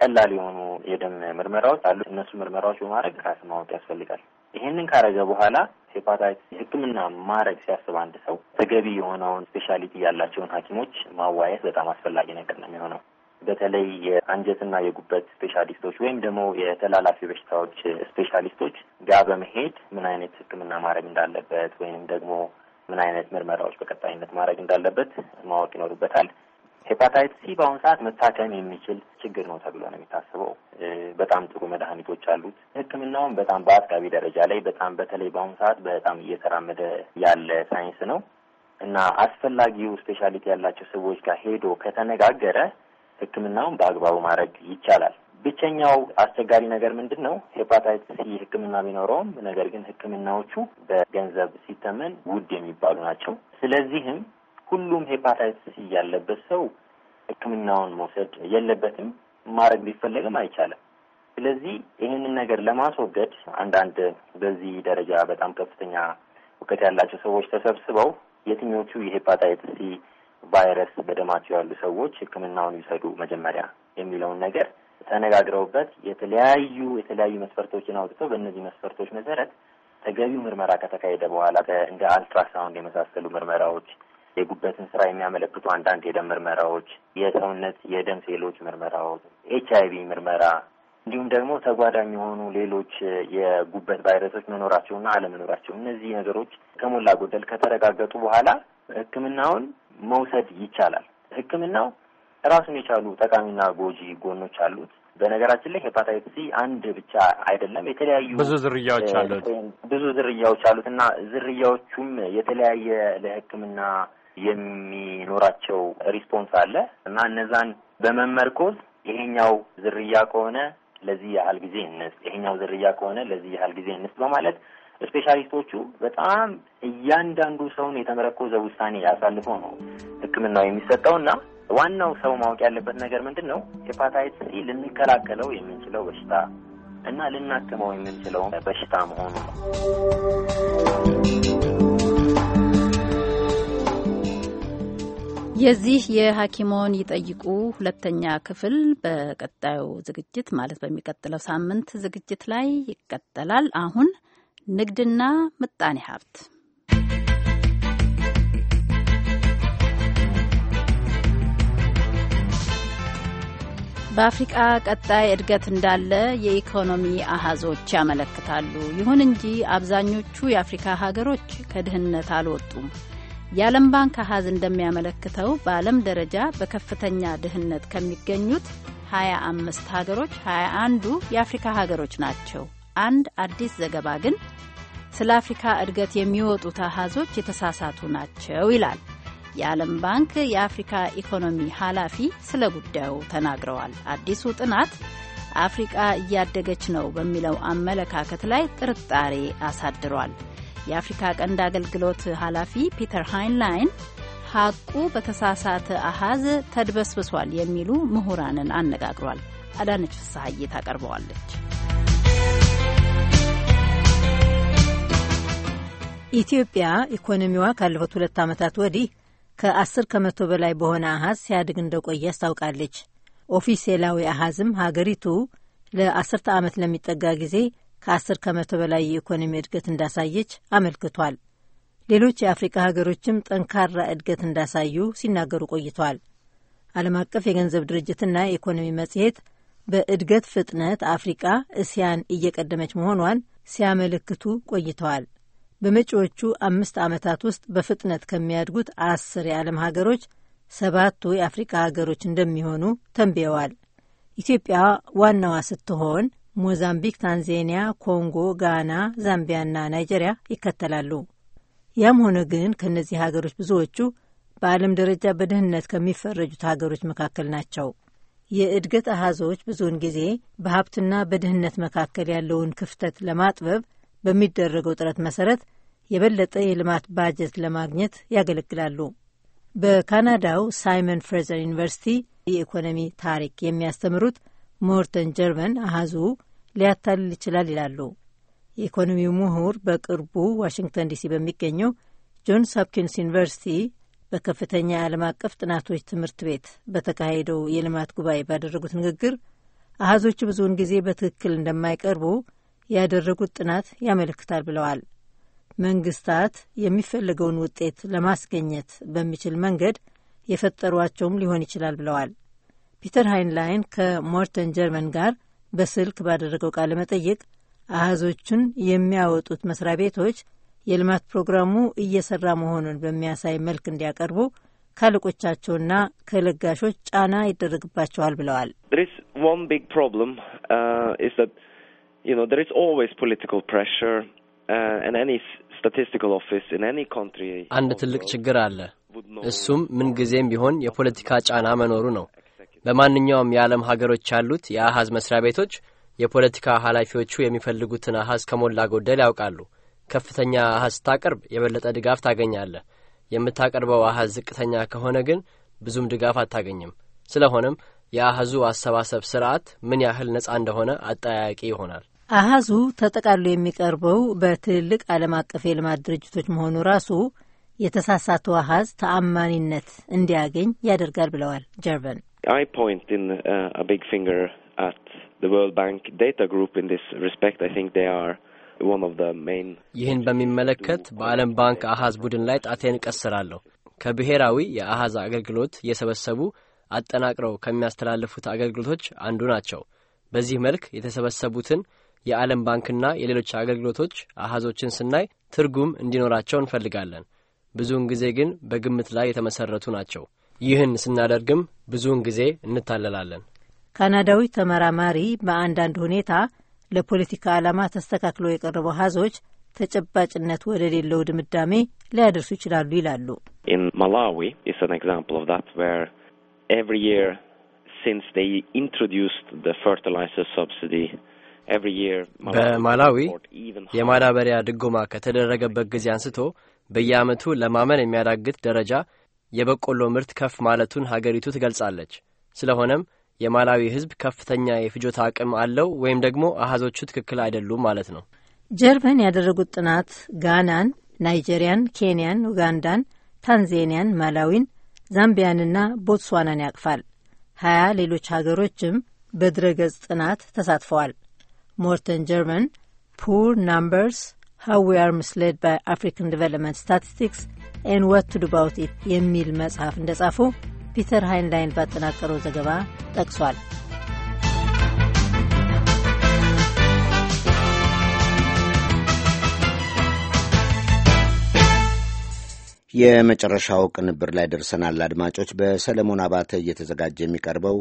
ቀላል የሆኑ የደም ምርመራዎች አሉ። እነሱ ምርመራዎች በማድረግ ራስ ማወቅ ያስፈልጋል። ይህንን ካረገ በኋላ ሄፓታይት ሕክምና ማድረግ ሲያስብ አንድ ሰው ተገቢ የሆነውን ስፔሻሊቲ ያላቸውን ሐኪሞች ማዋየት በጣም አስፈላጊ ነገር ነው የሚሆነው በተለይ የአንጀትና የጉበት ስፔሻሊስቶች ወይም ደግሞ የተላላፊ በሽታዎች ስፔሻሊስቶች ጋር በመሄድ ምን አይነት ሕክምና ማድረግ እንዳለበት ወይንም ደግሞ ምን አይነት ምርመራዎች በቀጣይነት ማድረግ እንዳለበት ማወቅ ይኖርበታል። ሄፓታይት ሲ በአሁኑ ሰዓት መታከም የሚችል ችግር ነው ተብሎ ነው የሚታስበው። በጣም ጥሩ መድኃኒቶች አሉት። ህክምናውም በጣም በአጥጋቢ ደረጃ ላይ በጣም በተለይ በአሁኑ ሰዓት በጣም እየተራመደ ያለ ሳይንስ ነው እና አስፈላጊው ስፔሻሊቲ ያላቸው ሰዎች ጋር ሄዶ ከተነጋገረ ሕክምናውን በአግባቡ ማድረግ ይቻላል። ብቸኛው አስቸጋሪ ነገር ምንድን ነው? ሄፓታይትስ ሲ ህክምና ቢኖረውም ነገር ግን ህክምናዎቹ በገንዘብ ሲተመን ውድ የሚባሉ ናቸው። ስለዚህም ሁሉም ሄፓታይትስ ያለበት ሰው ሕክምናውን መውሰድ የለበትም። ማድረግ ቢፈለግም አይቻልም። ስለዚህ ይህንን ነገር ለማስወገድ አንዳንድ በዚህ ደረጃ በጣም ከፍተኛ እውቀት ያላቸው ሰዎች ተሰብስበው የትኞቹ የሄፓታይትስ ሲ ቫይረስ በደማቸው ያሉ ሰዎች ህክምናውን ይውሰዱ መጀመሪያ የሚለውን ነገር ተነጋግረውበት የተለያዩ የተለያዩ መስፈርቶችን አውጥተው በእነዚህ መስፈርቶች መሰረት ተገቢው ምርመራ ከተካሄደ በኋላ እንደ አልትራሳውንድ የመሳሰሉ ምርመራዎች የጉበትን ስራ የሚያመለክቱ አንዳንድ የደም ምርመራዎች፣ የሰውነት የደም ሴሎች ምርመራዎች፣ ኤች አይ ቪ ምርመራ እንዲሁም ደግሞ ተጓዳኝ የሆኑ ሌሎች የጉበት ቫይረሶች መኖራቸውና አለመኖራቸው እነዚህ ነገሮች ከሞላ ጎደል ከተረጋገጡ በኋላ ሕክምናውን መውሰድ ይቻላል። ሕክምናው ራሱን የቻሉ ጠቃሚና ጎጂ ጎኖች አሉት። በነገራችን ላይ ሄፓታይት ሲ አንድ ብቻ አይደለም። የተለያዩ ብዙ ዝርያዎች አሉት ብዙ ዝርያዎች አሉት እና ዝርያዎቹም የተለያየ ለሕክምና የሚኖራቸው ሪስፖንስ አለ እና እነዛን በመመርኮዝ ይሄኛው ዝርያ ከሆነ ለዚህ ያህል ጊዜ እንስ፣ ይሄኛው ዝርያ ከሆነ ለዚህ ያህል ጊዜ እንስ በማለት ስፔሻሊስቶቹ በጣም እያንዳንዱ ሰውን የተመረኮዘ ውሳኔ ያሳልፎ ነው ሕክምናው የሚሰጠው እና ዋናው ሰው ማወቅ ያለበት ነገር ምንድን ነው? ሄፓታይት ሲ ልንከላከለው የምንችለው በሽታ እና ልናክመው የምንችለው በሽታ መሆኑ ነው። የዚህ የሐኪሞን ይጠይቁ ሁለተኛ ክፍል በቀጣዩ ዝግጅት ማለት በሚቀጥለው ሳምንት ዝግጅት ላይ ይቀጠላል። አሁን ንግድና ምጣኔ ሀብት በአፍሪቃ ቀጣይ እድገት እንዳለ የኢኮኖሚ አሃዞች ያመለክታሉ። ይሁን እንጂ አብዛኞቹ የአፍሪካ ሀገሮች ከድህነት አልወጡም። የዓለም ባንክ አሀዝ እንደሚያመለክተው በዓለም ደረጃ በከፍተኛ ድህነት ከሚገኙት 25 ሀገሮች 21ዱ የአፍሪካ ሀገሮች ናቸው። አንድ አዲስ ዘገባ ግን ስለ አፍሪካ እድገት የሚወጡት አሃዞች የተሳሳቱ ናቸው ይላል። የዓለም ባንክ የአፍሪካ ኢኮኖሚ ኃላፊ ስለ ጉዳዩ ተናግረዋል። አዲሱ ጥናት አፍሪቃ እያደገች ነው በሚለው አመለካከት ላይ ጥርጣሬ አሳድሯል። የአፍሪካ ቀንድ አገልግሎት ኃላፊ ፒተር ሃይንላይን ሀቁ በተሳሳተ አሃዝ ተድበስብሷል የሚሉ ምሁራንን አነጋግሯል። አዳነች ፍስሐዬ ታቀርበዋለች። ኢትዮጵያ ኢኮኖሚዋ ካለፉት ሁለት ዓመታት ወዲህ ከ10 ከመቶ በላይ በሆነ አሃዝ ሲያድግ እንደቆየ አስታውቃለች። ኦፊሴላዊ አሃዝም ሀገሪቱ ለአስርተ ዓመት ለሚጠጋ ጊዜ ከ ከመቶ በላይ የኢኮኖሚ እድገት እንዳሳየች አመልክቷል። ሌሎች የአፍሪካ ሀገሮችም ጠንካራ እድገት እንዳሳዩ ሲናገሩ ቆይተዋል። ዓለም አቀፍ የገንዘብ ድርጅትና የኢኮኖሚ መጽሔት በእድገት ፍጥነት አፍሪቃ እስያን እየቀደመች መሆኗን ሲያመለክቱ ቆይተዋል። በመጪዎቹ አምስት ዓመታት ውስጥ በፍጥነት ከሚያድጉት አስር የዓለም ሀገሮች ሰባቱ የአፍሪካ ሀገሮች እንደሚሆኑ ተንብየዋል። ኢትዮጵያ ዋናዋ ስትሆን ሞዛምቢክ፣ ታንዛኒያ፣ ኮንጎ፣ ጋና፣ ዛምቢያና ናይጄሪያ ይከተላሉ። ያም ሆነ ግን ከእነዚህ ሀገሮች ብዙዎቹ በዓለም ደረጃ በድህነት ከሚፈረጁት ሀገሮች መካከል ናቸው። የእድገት አሃዞች ብዙውን ጊዜ በሀብትና በድህነት መካከል ያለውን ክፍተት ለማጥበብ በሚደረገው ጥረት መሰረት የበለጠ የልማት ባጀት ለማግኘት ያገለግላሉ። በካናዳው ሳይመን ፍሬዘር ዩኒቨርሲቲ የኢኮኖሚ ታሪክ የሚያስተምሩት ሞርተን ጀርመን አሃዙ ሊያታልል ይችላል ይላሉ። የኢኮኖሚው ምሁር በቅርቡ ዋሽንግተን ዲሲ በሚገኘው ጆንስ ሆፕኪንስ ዩኒቨርሲቲ በከፍተኛ የዓለም አቀፍ ጥናቶች ትምህርት ቤት በተካሄደው የልማት ጉባኤ ባደረጉት ንግግር አሃዞቹ ብዙውን ጊዜ በትክክል እንደማይቀርቡ ያደረጉት ጥናት ያመለክታል ብለዋል። መንግስታት የሚፈለገውን ውጤት ለማስገኘት በሚችል መንገድ የፈጠሯቸውም ሊሆን ይችላል ብለዋል። ፒተር ሃይንላይን ከሞርተን ጀርመን ጋር በስልክ ባደረገው ቃለ መጠይቅ አህዞቹን የሚያወጡት መስሪያ ቤቶች የልማት ፕሮግራሙ እየሰራ መሆኑን በሚያሳይ መልክ እንዲያቀርቡ ካለቆቻቸውና ከለጋሾች ጫና ይደረግባቸዋል ብለዋል። uh, uh, አንድ ትልቅ ችግር አለ። እሱም ምንጊዜም ቢሆን የፖለቲካ ጫና መኖሩ ነው። በማንኛውም የዓለም ሀገሮች ያሉት የአሃዝ መስሪያ ቤቶች የፖለቲካ ኃላፊዎቹ የሚፈልጉትን አሃዝ ከሞላ ጎደል ያውቃሉ። ከፍተኛ አሃዝ ስታቀርብ የበለጠ ድጋፍ ታገኛለህ። የምታቀርበው አሀዝ ዝቅተኛ ከሆነ ግን ብዙም ድጋፍ አታገኝም። ስለሆነም የአሃዙ አሰባሰብ ስርዓት ምን ያህል ነጻ እንደሆነ አጠያያቂ ይሆናል። አሃዙ ተጠቃሎ የሚቀርበው በትልልቅ ዓለም አቀፍ የልማት ድርጅቶች መሆኑ ራሱ የተሳሳተው አሃዝ ተአማኒነት እንዲያገኝ ያደርጋል ብለዋል ጀርበን። I point in uh, a big finger at the World Bank Data Group in this respect. I think they are one of the main ይህን በሚመለከት በዓለም ባንክ አሃዝ ቡድን ላይ ጣቴን እቀስራለሁ። ከብሔራዊ የአሃዝ አገልግሎት የሰበሰቡ አጠናቅረው ከሚያስተላልፉት አገልግሎቶች አንዱ ናቸው። በዚህ መልክ የተሰበሰቡትን የዓለም ባንክና የሌሎች አገልግሎቶች አሃዞችን ስናይ ትርጉም እንዲኖራቸው እንፈልጋለን። ብዙውን ጊዜ ግን በግምት ላይ የተመሰረቱ ናቸው። ይህን ስናደርግም ብዙውን ጊዜ እንታለላለን። ካናዳዊ ተመራማሪ በአንዳንድ ሁኔታ ለፖለቲካ ዓላማ ተስተካክለው የቀረቡ ሀዞች ተጨባጭነት ወደሌለው ድምዳሜ ሊያደርሱ ይችላሉ ይላሉ። በማላዊ የማዳበሪያ ድጎማ ከተደረገበት ጊዜ አንስቶ በየዓመቱ ለማመን የሚያዳግት ደረጃ የበቆሎ ምርት ከፍ ማለቱን ሀገሪቱ ትገልጻለች። ስለሆነም የማላዊ ሕዝብ ከፍተኛ የፍጆታ አቅም አለው ወይም ደግሞ አሃዞቹ ትክክል አይደሉም ማለት ነው። ጀርመን ያደረጉት ጥናት ጋናን፣ ናይጄሪያን፣ ኬንያን፣ ኡጋንዳን፣ ታንዛኒያን፣ ማላዊን፣ ዛምቢያንና ቦትስዋናን ያቅፋል። ሀያ ሌሎች ሀገሮችም በድረገጽ ጥናት ተሳትፈዋል። ሞርተን ጀርመን ፑር ናምበርስ ሃው ዊ አር ምስሌድ ባይ አፍሪካን ዲቨሎፕመንት ስታቲስቲክስ ኤን ወት ቱ ኢት የሚል መጽሐፍ እንደጻፉ ፒተር ሃይንላይን ባጠናቀረው ዘገባ ጠቅሷል። የመጨረሻው ቅንብር ላይ ደርሰናል አድማጮች። በሰለሞን አባተ እየተዘጋጀ የሚቀርበው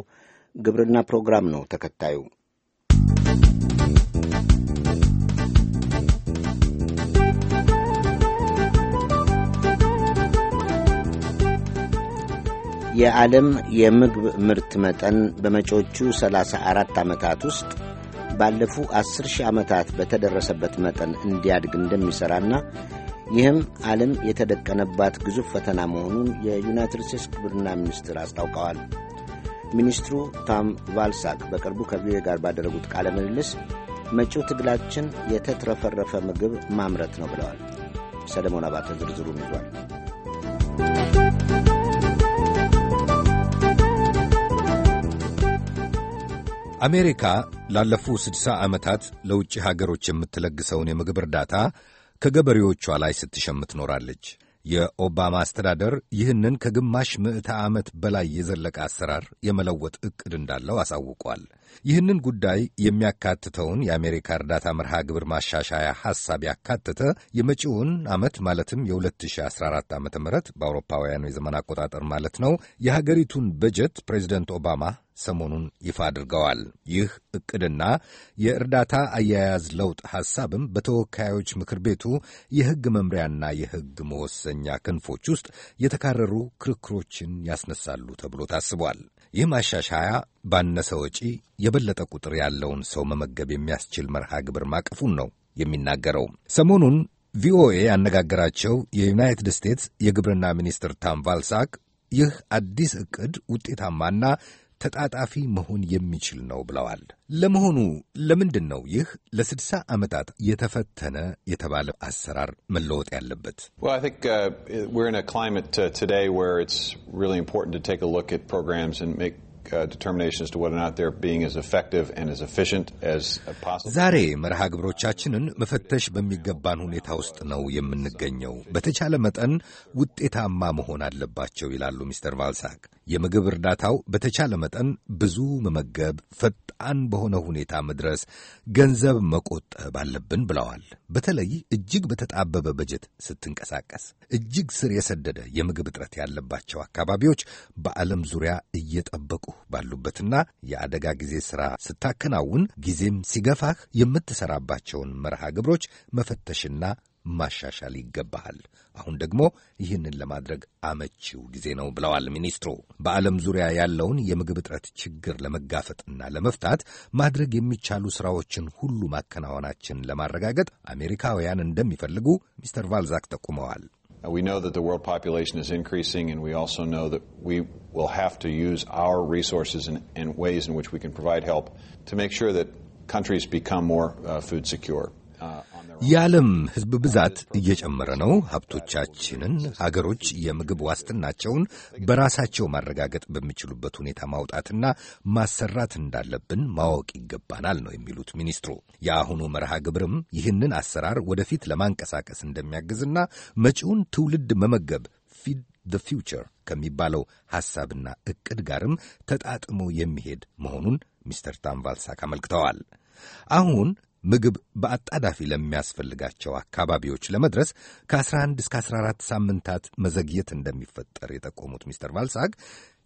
ግብርና ፕሮግራም ነው ተከታዩ የዓለም የምግብ ምርት መጠን በመጪዎቹ 34 ዓመታት ውስጥ ባለፉ 10 ሺህ ዓመታት በተደረሰበት መጠን እንዲያድግ እንደሚሠራና ይህም ዓለም የተደቀነባት ግዙፍ ፈተና መሆኑን የዩናይትድ ስቴትስ ግብርና ሚኒስትር አስታውቀዋል። ሚኒስትሩ ቶም ቫልሳክ በቅርቡ ከቪኦኤ ጋር ባደረጉት ቃለ ምልልስ መጪው ትግላችን የተትረፈረፈ ምግብ ማምረት ነው ብለዋል። ሰለሞን አባተ ዝርዝሩን ይዟል። አሜሪካ ላለፉ ስድሳ ዓመታት ለውጭ ሀገሮች የምትለግሰውን የምግብ እርዳታ ከገበሬዎቿ ላይ ስትሸምት ኖራለች። የኦባማ አስተዳደር ይህንን ከግማሽ ምዕተ ዓመት በላይ የዘለቀ አሰራር የመለወጥ ዕቅድ እንዳለው አሳውቋል። ይህንን ጉዳይ የሚያካትተውን የአሜሪካ እርዳታ መርሃ ግብር ማሻሻያ ሐሳብ ያካተተ የመጪውን ዓመት ማለትም የ2014 ዓ ም በአውሮፓውያኑ የዘመን አቆጣጠር ማለት ነው የሀገሪቱን በጀት ፕሬዚደንት ኦባማ ሰሞኑን ይፋ አድርገዋል። ይህ እቅድና የእርዳታ አያያዝ ለውጥ ሐሳብም በተወካዮች ምክር ቤቱ የሕግ መምሪያና የሕግ መወሰኛ ክንፎች ውስጥ የተካረሩ ክርክሮችን ያስነሳሉ ተብሎ ታስቧል። ይህ ማሻሻያ ባነሰ ወጪ የበለጠ ቁጥር ያለውን ሰው መመገብ የሚያስችል መርሃ ግብር ማቀፉን ነው የሚናገረው። ሰሞኑን ቪኦኤ ያነጋገራቸው የዩናይትድ ስቴትስ የግብርና ሚኒስትር ታም ቫልሳክ ይህ አዲስ ዕቅድ ውጤታማና ተጣጣፊ መሆን የሚችል ነው ብለዋል። ለመሆኑ ለምንድን ነው ይህ ለስድሳ ዓመታት የተፈተነ የተባለ አሰራር መለወጥ ያለበት? Uh, determination as to whether or not they're being as effective and as efficient as uh, possible. ዛሬ መርሃ ግብሮቻችንን መፈተሽ በሚገባን ሁኔታ ውስጥ ነው የምንገኘው። በተቻለ መጠን ውጤታማ መሆን አለባቸው ይላሉ ሚስተር ቫልሳክ። የምግብ እርዳታው በተቻለ መጠን ብዙ መመገብ፣ ፈጣን በሆነ ሁኔታ መድረስ፣ ገንዘብ መቆጠብ አለብን ብለዋል። በተለይ እጅግ በተጣበበ በጀት ስትንቀሳቀስ እጅግ ስር የሰደደ የምግብ እጥረት ያለባቸው አካባቢዎች በዓለም ዙሪያ እየጠበቁ ባሉበትና የአደጋ ጊዜ ሥራ ስታከናውን ጊዜም ሲገፋህ የምትሠራባቸውን መርሃ ግብሮች መፈተሽና ማሻሻል ይገባሃል። አሁን ደግሞ ይህንን ለማድረግ አመቺው ጊዜ ነው ብለዋል ሚኒስትሩ። በዓለም ዙሪያ ያለውን የምግብ እጥረት ችግር ለመጋፈጥና ለመፍታት ማድረግ የሚቻሉ ሥራዎችን ሁሉ ማከናወናችን ለማረጋገጥ አሜሪካውያን እንደሚፈልጉ ሚስተር ቫልዛክ ጠቁመዋል። Uh, we know that the world population is increasing, and we also know that we will have to use our resources and, and ways in which we can provide help to make sure that countries become more uh, food secure. Uh, የዓለም ሕዝብ ብዛት እየጨመረ ነው። ሀብቶቻችንን ሀገሮች የምግብ ዋስትናቸውን በራሳቸው ማረጋገጥ በሚችሉበት ሁኔታ ማውጣትና ማሰራት እንዳለብን ማወቅ ይገባናል ነው የሚሉት ሚኒስትሩ። የአሁኑ መርሃ ግብርም ይህንን አሰራር ወደፊት ለማንቀሳቀስ እንደሚያግዝና መጪውን ትውልድ መመገብ ፊድ ዘ ፊውቸር ከሚባለው ሐሳብና ዕቅድ ጋርም ተጣጥሞ የሚሄድ መሆኑን ሚስተር ታምቫልሳክ አመልክተዋል። አሁን ምግብ በአጣዳፊ ለሚያስፈልጋቸው አካባቢዎች ለመድረስ ከ11 እስከ 14 ሳምንታት መዘግየት እንደሚፈጠር የጠቆሙት ሚስተር ቫልሳግ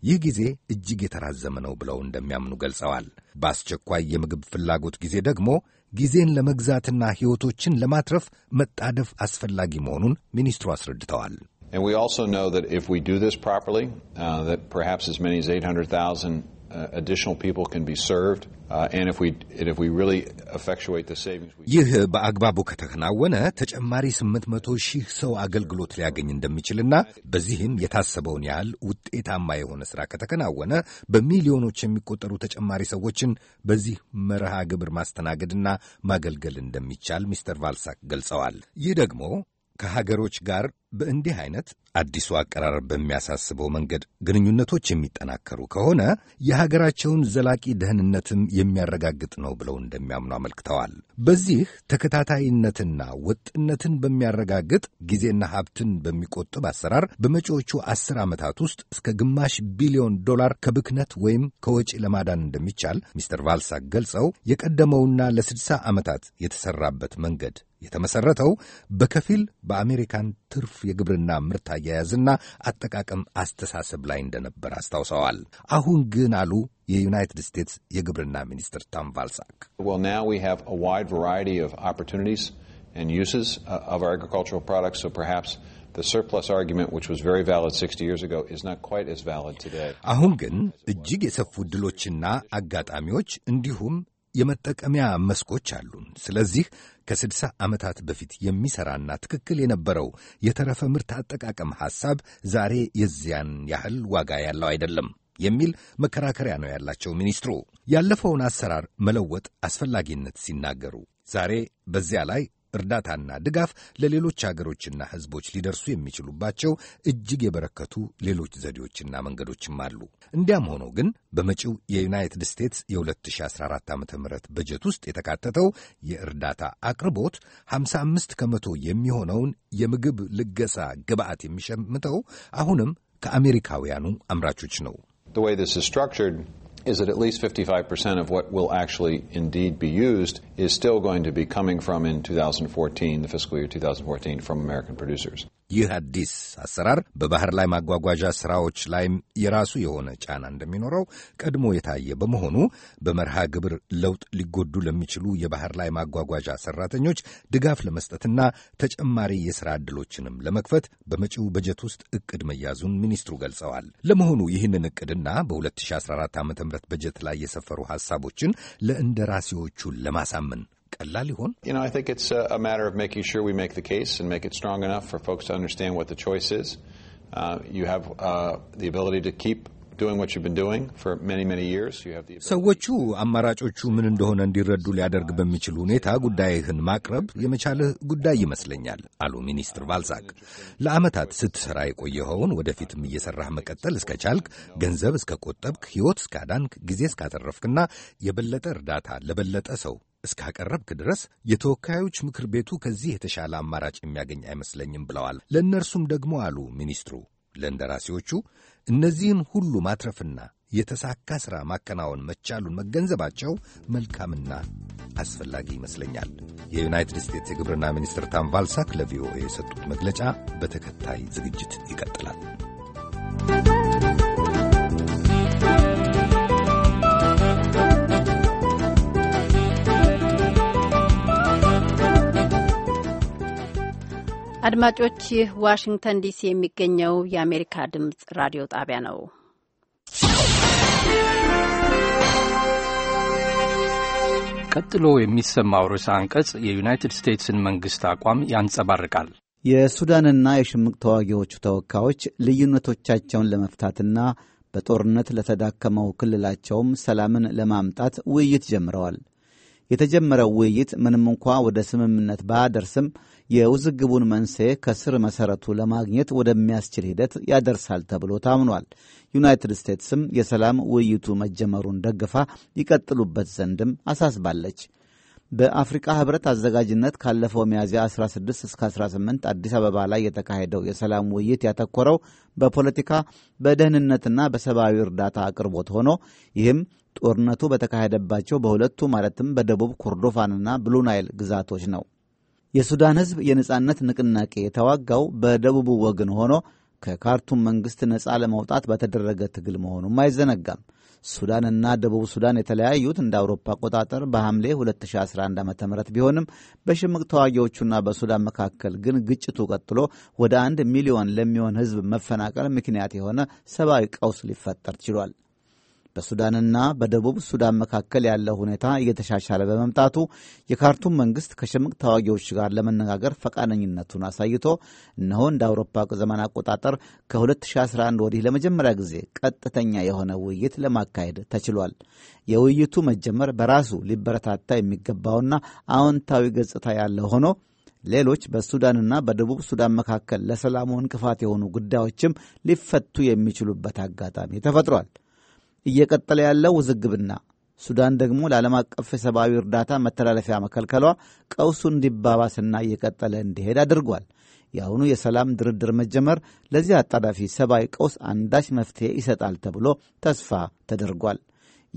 ይህ ጊዜ እጅግ የተራዘመ ነው ብለው እንደሚያምኑ ገልጸዋል። በአስቸኳይ የምግብ ፍላጎት ጊዜ ደግሞ ጊዜን ለመግዛትና ሕይወቶችን ለማትረፍ መጣደፍ አስፈላጊ መሆኑን ሚኒስትሩ አስረድተዋል። And we also know that if we do this properly, uh, that perhaps as many as 800,000 Uh, additional people can be served. Uh, and if we, if we really effectuate the savings we ይህ በአግባቡ ከተከናወነ ተጨማሪ 800 ሺህ ሰው አገልግሎት ሊያገኝ እንደሚችልና በዚህም የታሰበውን ያህል ውጤታማ የሆነ ስራ ከተከናወነ በሚሊዮኖች የሚቆጠሩ ተጨማሪ ሰዎችን በዚህ መርሃ ግብር ማስተናገድና ማገልገል እንደሚቻል ሚስተር ቫልሳክ ገልጸዋል። ይህ ደግሞ ከሀገሮች ጋር በእንዲህ አይነት አዲሱ አቀራረብ በሚያሳስበው መንገድ ግንኙነቶች የሚጠናከሩ ከሆነ የሀገራቸውን ዘላቂ ደህንነትም የሚያረጋግጥ ነው ብለው እንደሚያምኑ አመልክተዋል። በዚህ ተከታታይነትና ወጥነትን በሚያረጋግጥ ጊዜና ሀብትን በሚቆጥብ አሰራር በመጪዎቹ አስር ዓመታት ውስጥ እስከ ግማሽ ቢሊዮን ዶላር ከብክነት ወይም ከወጪ ለማዳን እንደሚቻል ሚስተር ቫልሳክ ገልጸው የቀደመውና ለስድሳ ዓመታት የተሰራበት መንገድ የተመሠረተው በከፊል በአሜሪካን ትርፍ የግብርና ምርት አያያዝና አጠቃቀም አስተሳሰብ ላይ እንደነበር አስታውሰዋል። አሁን ግን አሉ የዩናይትድ ስቴትስ የግብርና ሚኒስትር ታም ቫልሳክ uh, አሁን ግን እጅግ የሰፉ ዕድሎችና አጋጣሚዎች እንዲሁም የመጠቀሚያ መስኮች አሉን። ስለዚህ ከ60 ዓመታት በፊት የሚሠራና ትክክል የነበረው የተረፈ ምርት አጠቃቀም ሐሳብ ዛሬ የዚያን ያህል ዋጋ ያለው አይደለም የሚል መከራከሪያ ነው ያላቸው ሚኒስትሩ ያለፈውን አሰራር መለወጥ አስፈላጊነት ሲናገሩ ዛሬ በዚያ ላይ እርዳታና ድጋፍ ለሌሎች አገሮችና ሕዝቦች ሊደርሱ የሚችሉባቸው እጅግ የበረከቱ ሌሎች ዘዴዎችና መንገዶችም አሉ። እንዲያም ሆኖ ግን በመጪው የዩናይትድ ስቴትስ የ2014 ዓ ም በጀት ውስጥ የተካተተው የእርዳታ አቅርቦት 55 ከመቶ የሚሆነውን የምግብ ልገሳ ግብዓት የሚሸምተው አሁንም ከአሜሪካውያኑ አምራቾች ነው። is that at least 55% of what will actually indeed be used is still going to be coming from in 2014, the fiscal year 2014, from American producers. ይህ አዲስ አሰራር በባህር ላይ ማጓጓዣ ስራዎች ላይም የራሱ የሆነ ጫና እንደሚኖረው ቀድሞ የታየ በመሆኑ በመርሃ ግብር ለውጥ ሊጎዱ ለሚችሉ የባህር ላይ ማጓጓዣ ሰራተኞች ድጋፍ ለመስጠትና ተጨማሪ የስራ ዕድሎችንም ለመክፈት በመጪው በጀት ውስጥ እቅድ መያዙን ሚኒስትሩ ገልጸዋል። ለመሆኑ ይህንን እቅድና በ2014 ዓ ም በጀት ላይ የሰፈሩ ሐሳቦችን ለእንደራሴዎቹ ለማሳመን ቀላል ይሆን? ሰዎቹ uh, uh, uh, አማራጮቹ ምን እንደሆነ እንዲረዱ ሊያደርግ በሚችል ሁኔታ ጉዳይህን ማቅረብ የመቻልህ ጉዳይ ይመስለኛል አሉ ሚኒስትር ባልዛክ። ለዓመታት ስትሰራ የቆየኸውን ወደፊትም እየሰራህ መቀጠል እስከ ቻልክ፣ ገንዘብ እስከ ቆጠብክ፣ ሕይወት እስካዳንክ፣ ጊዜ እስካተረፍክና የበለጠ እርዳታ ለበለጠ ሰው እስካቀረብክ ድረስ የተወካዮች ምክር ቤቱ ከዚህ የተሻለ አማራጭ የሚያገኝ አይመስለኝም ብለዋል። ለእነርሱም ደግሞ አሉ ሚኒስትሩ ለእንደራሴዎቹ እነዚህን ሁሉ ማትረፍና የተሳካ ሥራ ማከናወን መቻሉን መገንዘባቸው መልካምና አስፈላጊ ይመስለኛል። የዩናይትድ ስቴትስ የግብርና ሚኒስትር ታም ቫልሳክ ለቪኦኤ የሰጡት መግለጫ በተከታይ ዝግጅት ይቀጥላል። አድማጮች፣ ይህ ዋሽንግተን ዲሲ የሚገኘው የአሜሪካ ድምፅ ራዲዮ ጣቢያ ነው። ቀጥሎ የሚሰማው ርዕሰ አንቀጽ የዩናይትድ ስቴትስን መንግሥት አቋም ያንጸባርቃል። የሱዳንና የሽምቅ ተዋጊዎቹ ተወካዮች ልዩነቶቻቸውን ለመፍታትና በጦርነት ለተዳከመው ክልላቸውም ሰላምን ለማምጣት ውይይት ጀምረዋል። የተጀመረው ውይይት ምንም እንኳ ወደ ስምምነት ባያደርስም የውዝግቡን መንስኤ ከስር መሰረቱ ለማግኘት ወደሚያስችል ሂደት ያደርሳል ተብሎ ታምኗል። ዩናይትድ ስቴትስም የሰላም ውይይቱ መጀመሩን ደግፋ ይቀጥሉበት ዘንድም አሳስባለች። በአፍሪቃ ህብረት አዘጋጅነት ካለፈው ሚያዝያ 16 እስከ 18 አዲስ አበባ ላይ የተካሄደው የሰላም ውይይት ያተኮረው በፖለቲካ በደህንነትና በሰብአዊ እርዳታ አቅርቦት ሆኖ ይህም ጦርነቱ በተካሄደባቸው በሁለቱ ማለትም በደቡብ ኮርዶፋንና ብሉናይል ግዛቶች ነው። የሱዳን ሕዝብ የነጻነት ንቅናቄ የተዋጋው በደቡቡ ወገን ሆኖ ከካርቱም መንግሥት ነጻ ለመውጣት በተደረገ ትግል መሆኑም አይዘነጋም። ሱዳንና ደቡብ ሱዳን የተለያዩት እንደ አውሮፓ አቆጣጠር በሐምሌ 2011 ዓ ም ቢሆንም በሽምቅ ተዋጊዎቹና በሱዳን መካከል ግን ግጭቱ ቀጥሎ ወደ አንድ ሚሊዮን ለሚሆን ሕዝብ መፈናቀል ምክንያት የሆነ ሰብአዊ ቀውስ ሊፈጠር ችሏል። በሱዳንና በደቡብ ሱዳን መካከል ያለው ሁኔታ እየተሻሻለ በመምጣቱ የካርቱም መንግስት ከሽምቅ ተዋጊዎች ጋር ለመነጋገር ፈቃደኝነቱን አሳይቶ እነሆ እንደ አውሮፓ ዘመን አቆጣጠር ከ2011 ወዲህ ለመጀመሪያ ጊዜ ቀጥተኛ የሆነ ውይይት ለማካሄድ ተችሏል። የውይይቱ መጀመር በራሱ ሊበረታታ የሚገባውና አዎንታዊ ገጽታ ያለው ሆኖ ሌሎች በሱዳንና በደቡብ ሱዳን መካከል ለሰላሙ እንቅፋት የሆኑ ጉዳዮችም ሊፈቱ የሚችሉበት አጋጣሚ ተፈጥሯል። እየቀጠለ ያለው ውዝግብና ሱዳን ደግሞ ለዓለም አቀፍ የሰብአዊ እርዳታ መተላለፊያ መከልከሏ ቀውሱ እንዲባባስና እየቀጠለ እንዲሄድ አድርጓል። የአሁኑ የሰላም ድርድር መጀመር ለዚህ አጣዳፊ ሰብአዊ ቀውስ አንዳች መፍትሄ ይሰጣል ተብሎ ተስፋ ተደርጓል።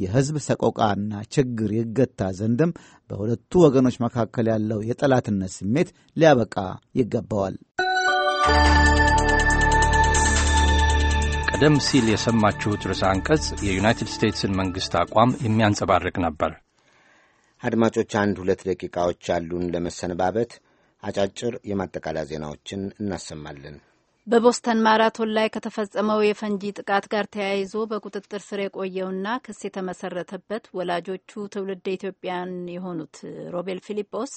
የሕዝብ ሰቆቃና ችግር ይገታ ዘንድም በሁለቱ ወገኖች መካከል ያለው የጠላትነት ስሜት ሊያበቃ ይገባዋል። ቀደም ሲል የሰማችሁት ርዕሰ አንቀጽ የዩናይትድ ስቴትስን መንግሥት አቋም የሚያንጸባርቅ ነበር። አድማጮች፣ አንድ ሁለት ደቂቃዎች ያሉን ለመሰነባበት አጫጭር የማጠቃለያ ዜናዎችን እናሰማለን። በቦስተን ማራቶን ላይ ከተፈጸመው የፈንጂ ጥቃት ጋር ተያይዞ በቁጥጥር ስር የቆየውና ክስ የተመሰረተበት ወላጆቹ ትውልድ ኢትዮጵያን የሆኑት ሮቤል ፊሊጶስ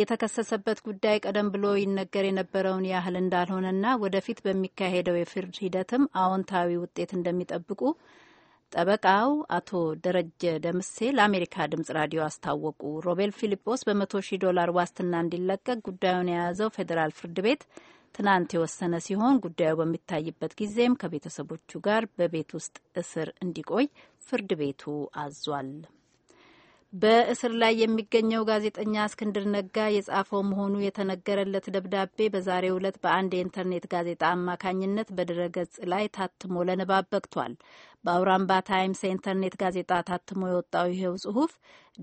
የተከሰሰበት ጉዳይ ቀደም ብሎ ይነገር የነበረውን ያህል እንዳልሆነና ወደፊት በሚካሄደው የፍርድ ሂደትም አዎንታዊ ውጤት እንደሚጠብቁ ጠበቃው አቶ ደረጀ ደምሴ ለአሜሪካ ድምጽ ራዲዮ አስታወቁ። ሮቤል ፊሊጶስ በመቶ ሺህ ዶላር ዋስትና እንዲለቀቅ ጉዳዩን የያዘው ፌዴራል ፍርድ ቤት ትናንት የወሰነ ሲሆን ጉዳዩ በሚታይበት ጊዜም ከቤተሰቦቹ ጋር በቤት ውስጥ እስር እንዲቆይ ፍርድ ቤቱ አዟል። በእስር ላይ የሚገኘው ጋዜጠኛ እስክንድር ነጋ የጻፈው መሆኑ የተነገረለት ደብዳቤ በዛሬው ዕለት በአንድ የኢንተርኔት ጋዜጣ አማካኝነት በድረገጽ ላይ ታትሞ ለንባብ በቅቷል። በአውራምባ ታይምስ የኢንተርኔት ጋዜጣ ታትሞ የወጣው ይሄው ጽሁፍ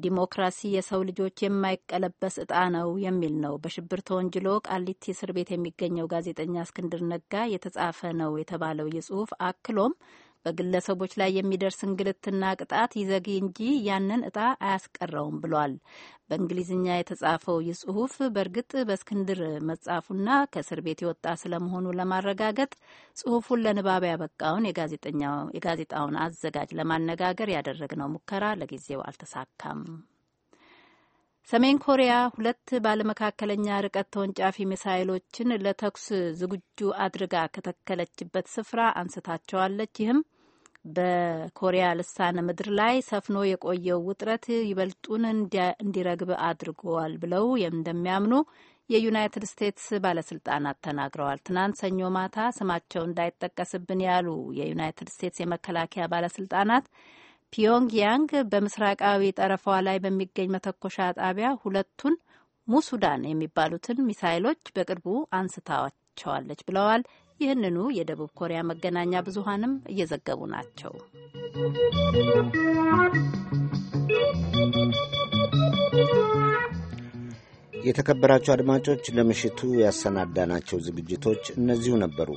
ዲሞክራሲ የሰው ልጆች የማይቀለበስ እጣ ነው የሚል ነው። በሽብር ተወንጅሎ ቃሊቲ እስር ቤት የሚገኘው ጋዜጠኛ እስክንድር ነጋ የተጻፈ ነው የተባለው የጽሁፍ አክሎም በግለሰቦች ላይ የሚደርስ እንግልትና ቅጣት ይዘግ እንጂ ያንን እጣ አያስቀረውም ብሏል። በእንግሊዝኛ የተጻፈው ይህ ጽሁፍ በእርግጥ በእስክንድር መጻፉና ከእስር ቤት የወጣ ስለመሆኑ ለማረጋገጥ ጽሁፉን ለንባብ ያበቃውን የጋዜጣውን አዘጋጅ ለማነጋገር ያደረግነው ሙከራ ለጊዜው አልተሳካም። ሰሜን ኮሪያ ሁለት ባለመካከለኛ ርቀት ተወንጫፊ ሚሳይሎችን ለተኩስ ዝግጁ አድርጋ ከተከለችበት ስፍራ አንስታቸዋለች። ይህም በኮሪያ ልሳነ ምድር ላይ ሰፍኖ የቆየው ውጥረት ይበልጡን እንዲረግብ አድርገዋል ብለው እንደሚያምኑ የዩናይትድ ስቴትስ ባለስልጣናት ተናግረዋል። ትናንት ሰኞ ማታ ስማቸው እንዳይጠቀስብን ያሉ የዩናይትድ ስቴትስ የመከላከያ ባለስልጣናት ፒዮንግያንግ በምስራቃዊ ጠረፏ ላይ በሚገኝ መተኮሻ ጣቢያ ሁለቱን ሙሱዳን የሚባሉትን ሚሳይሎች በቅርቡ አንስታቸዋለች ብለዋል። ይህንኑ የደቡብ ኮሪያ መገናኛ ብዙሃንም እየዘገቡ ናቸው። የተከበራቸው አድማጮች ለምሽቱ ያሰናዳናቸው ዝግጅቶች እነዚሁ ነበሩ።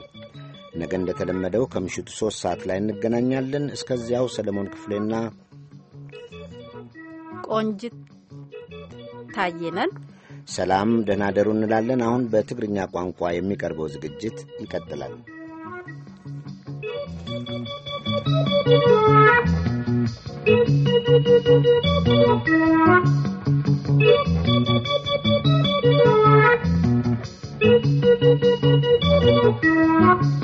ነገ እንደተለመደው ከምሽቱ ሦስት ሰዓት ላይ እንገናኛለን። እስከዚያው ሰለሞን ክፍሌና ቆንጅት ታየነን ሰላም ደህና ደሩ እንላለን። አሁን በትግርኛ ቋንቋ የሚቀርበው ዝግጅት ይቀጥላል። Thank you.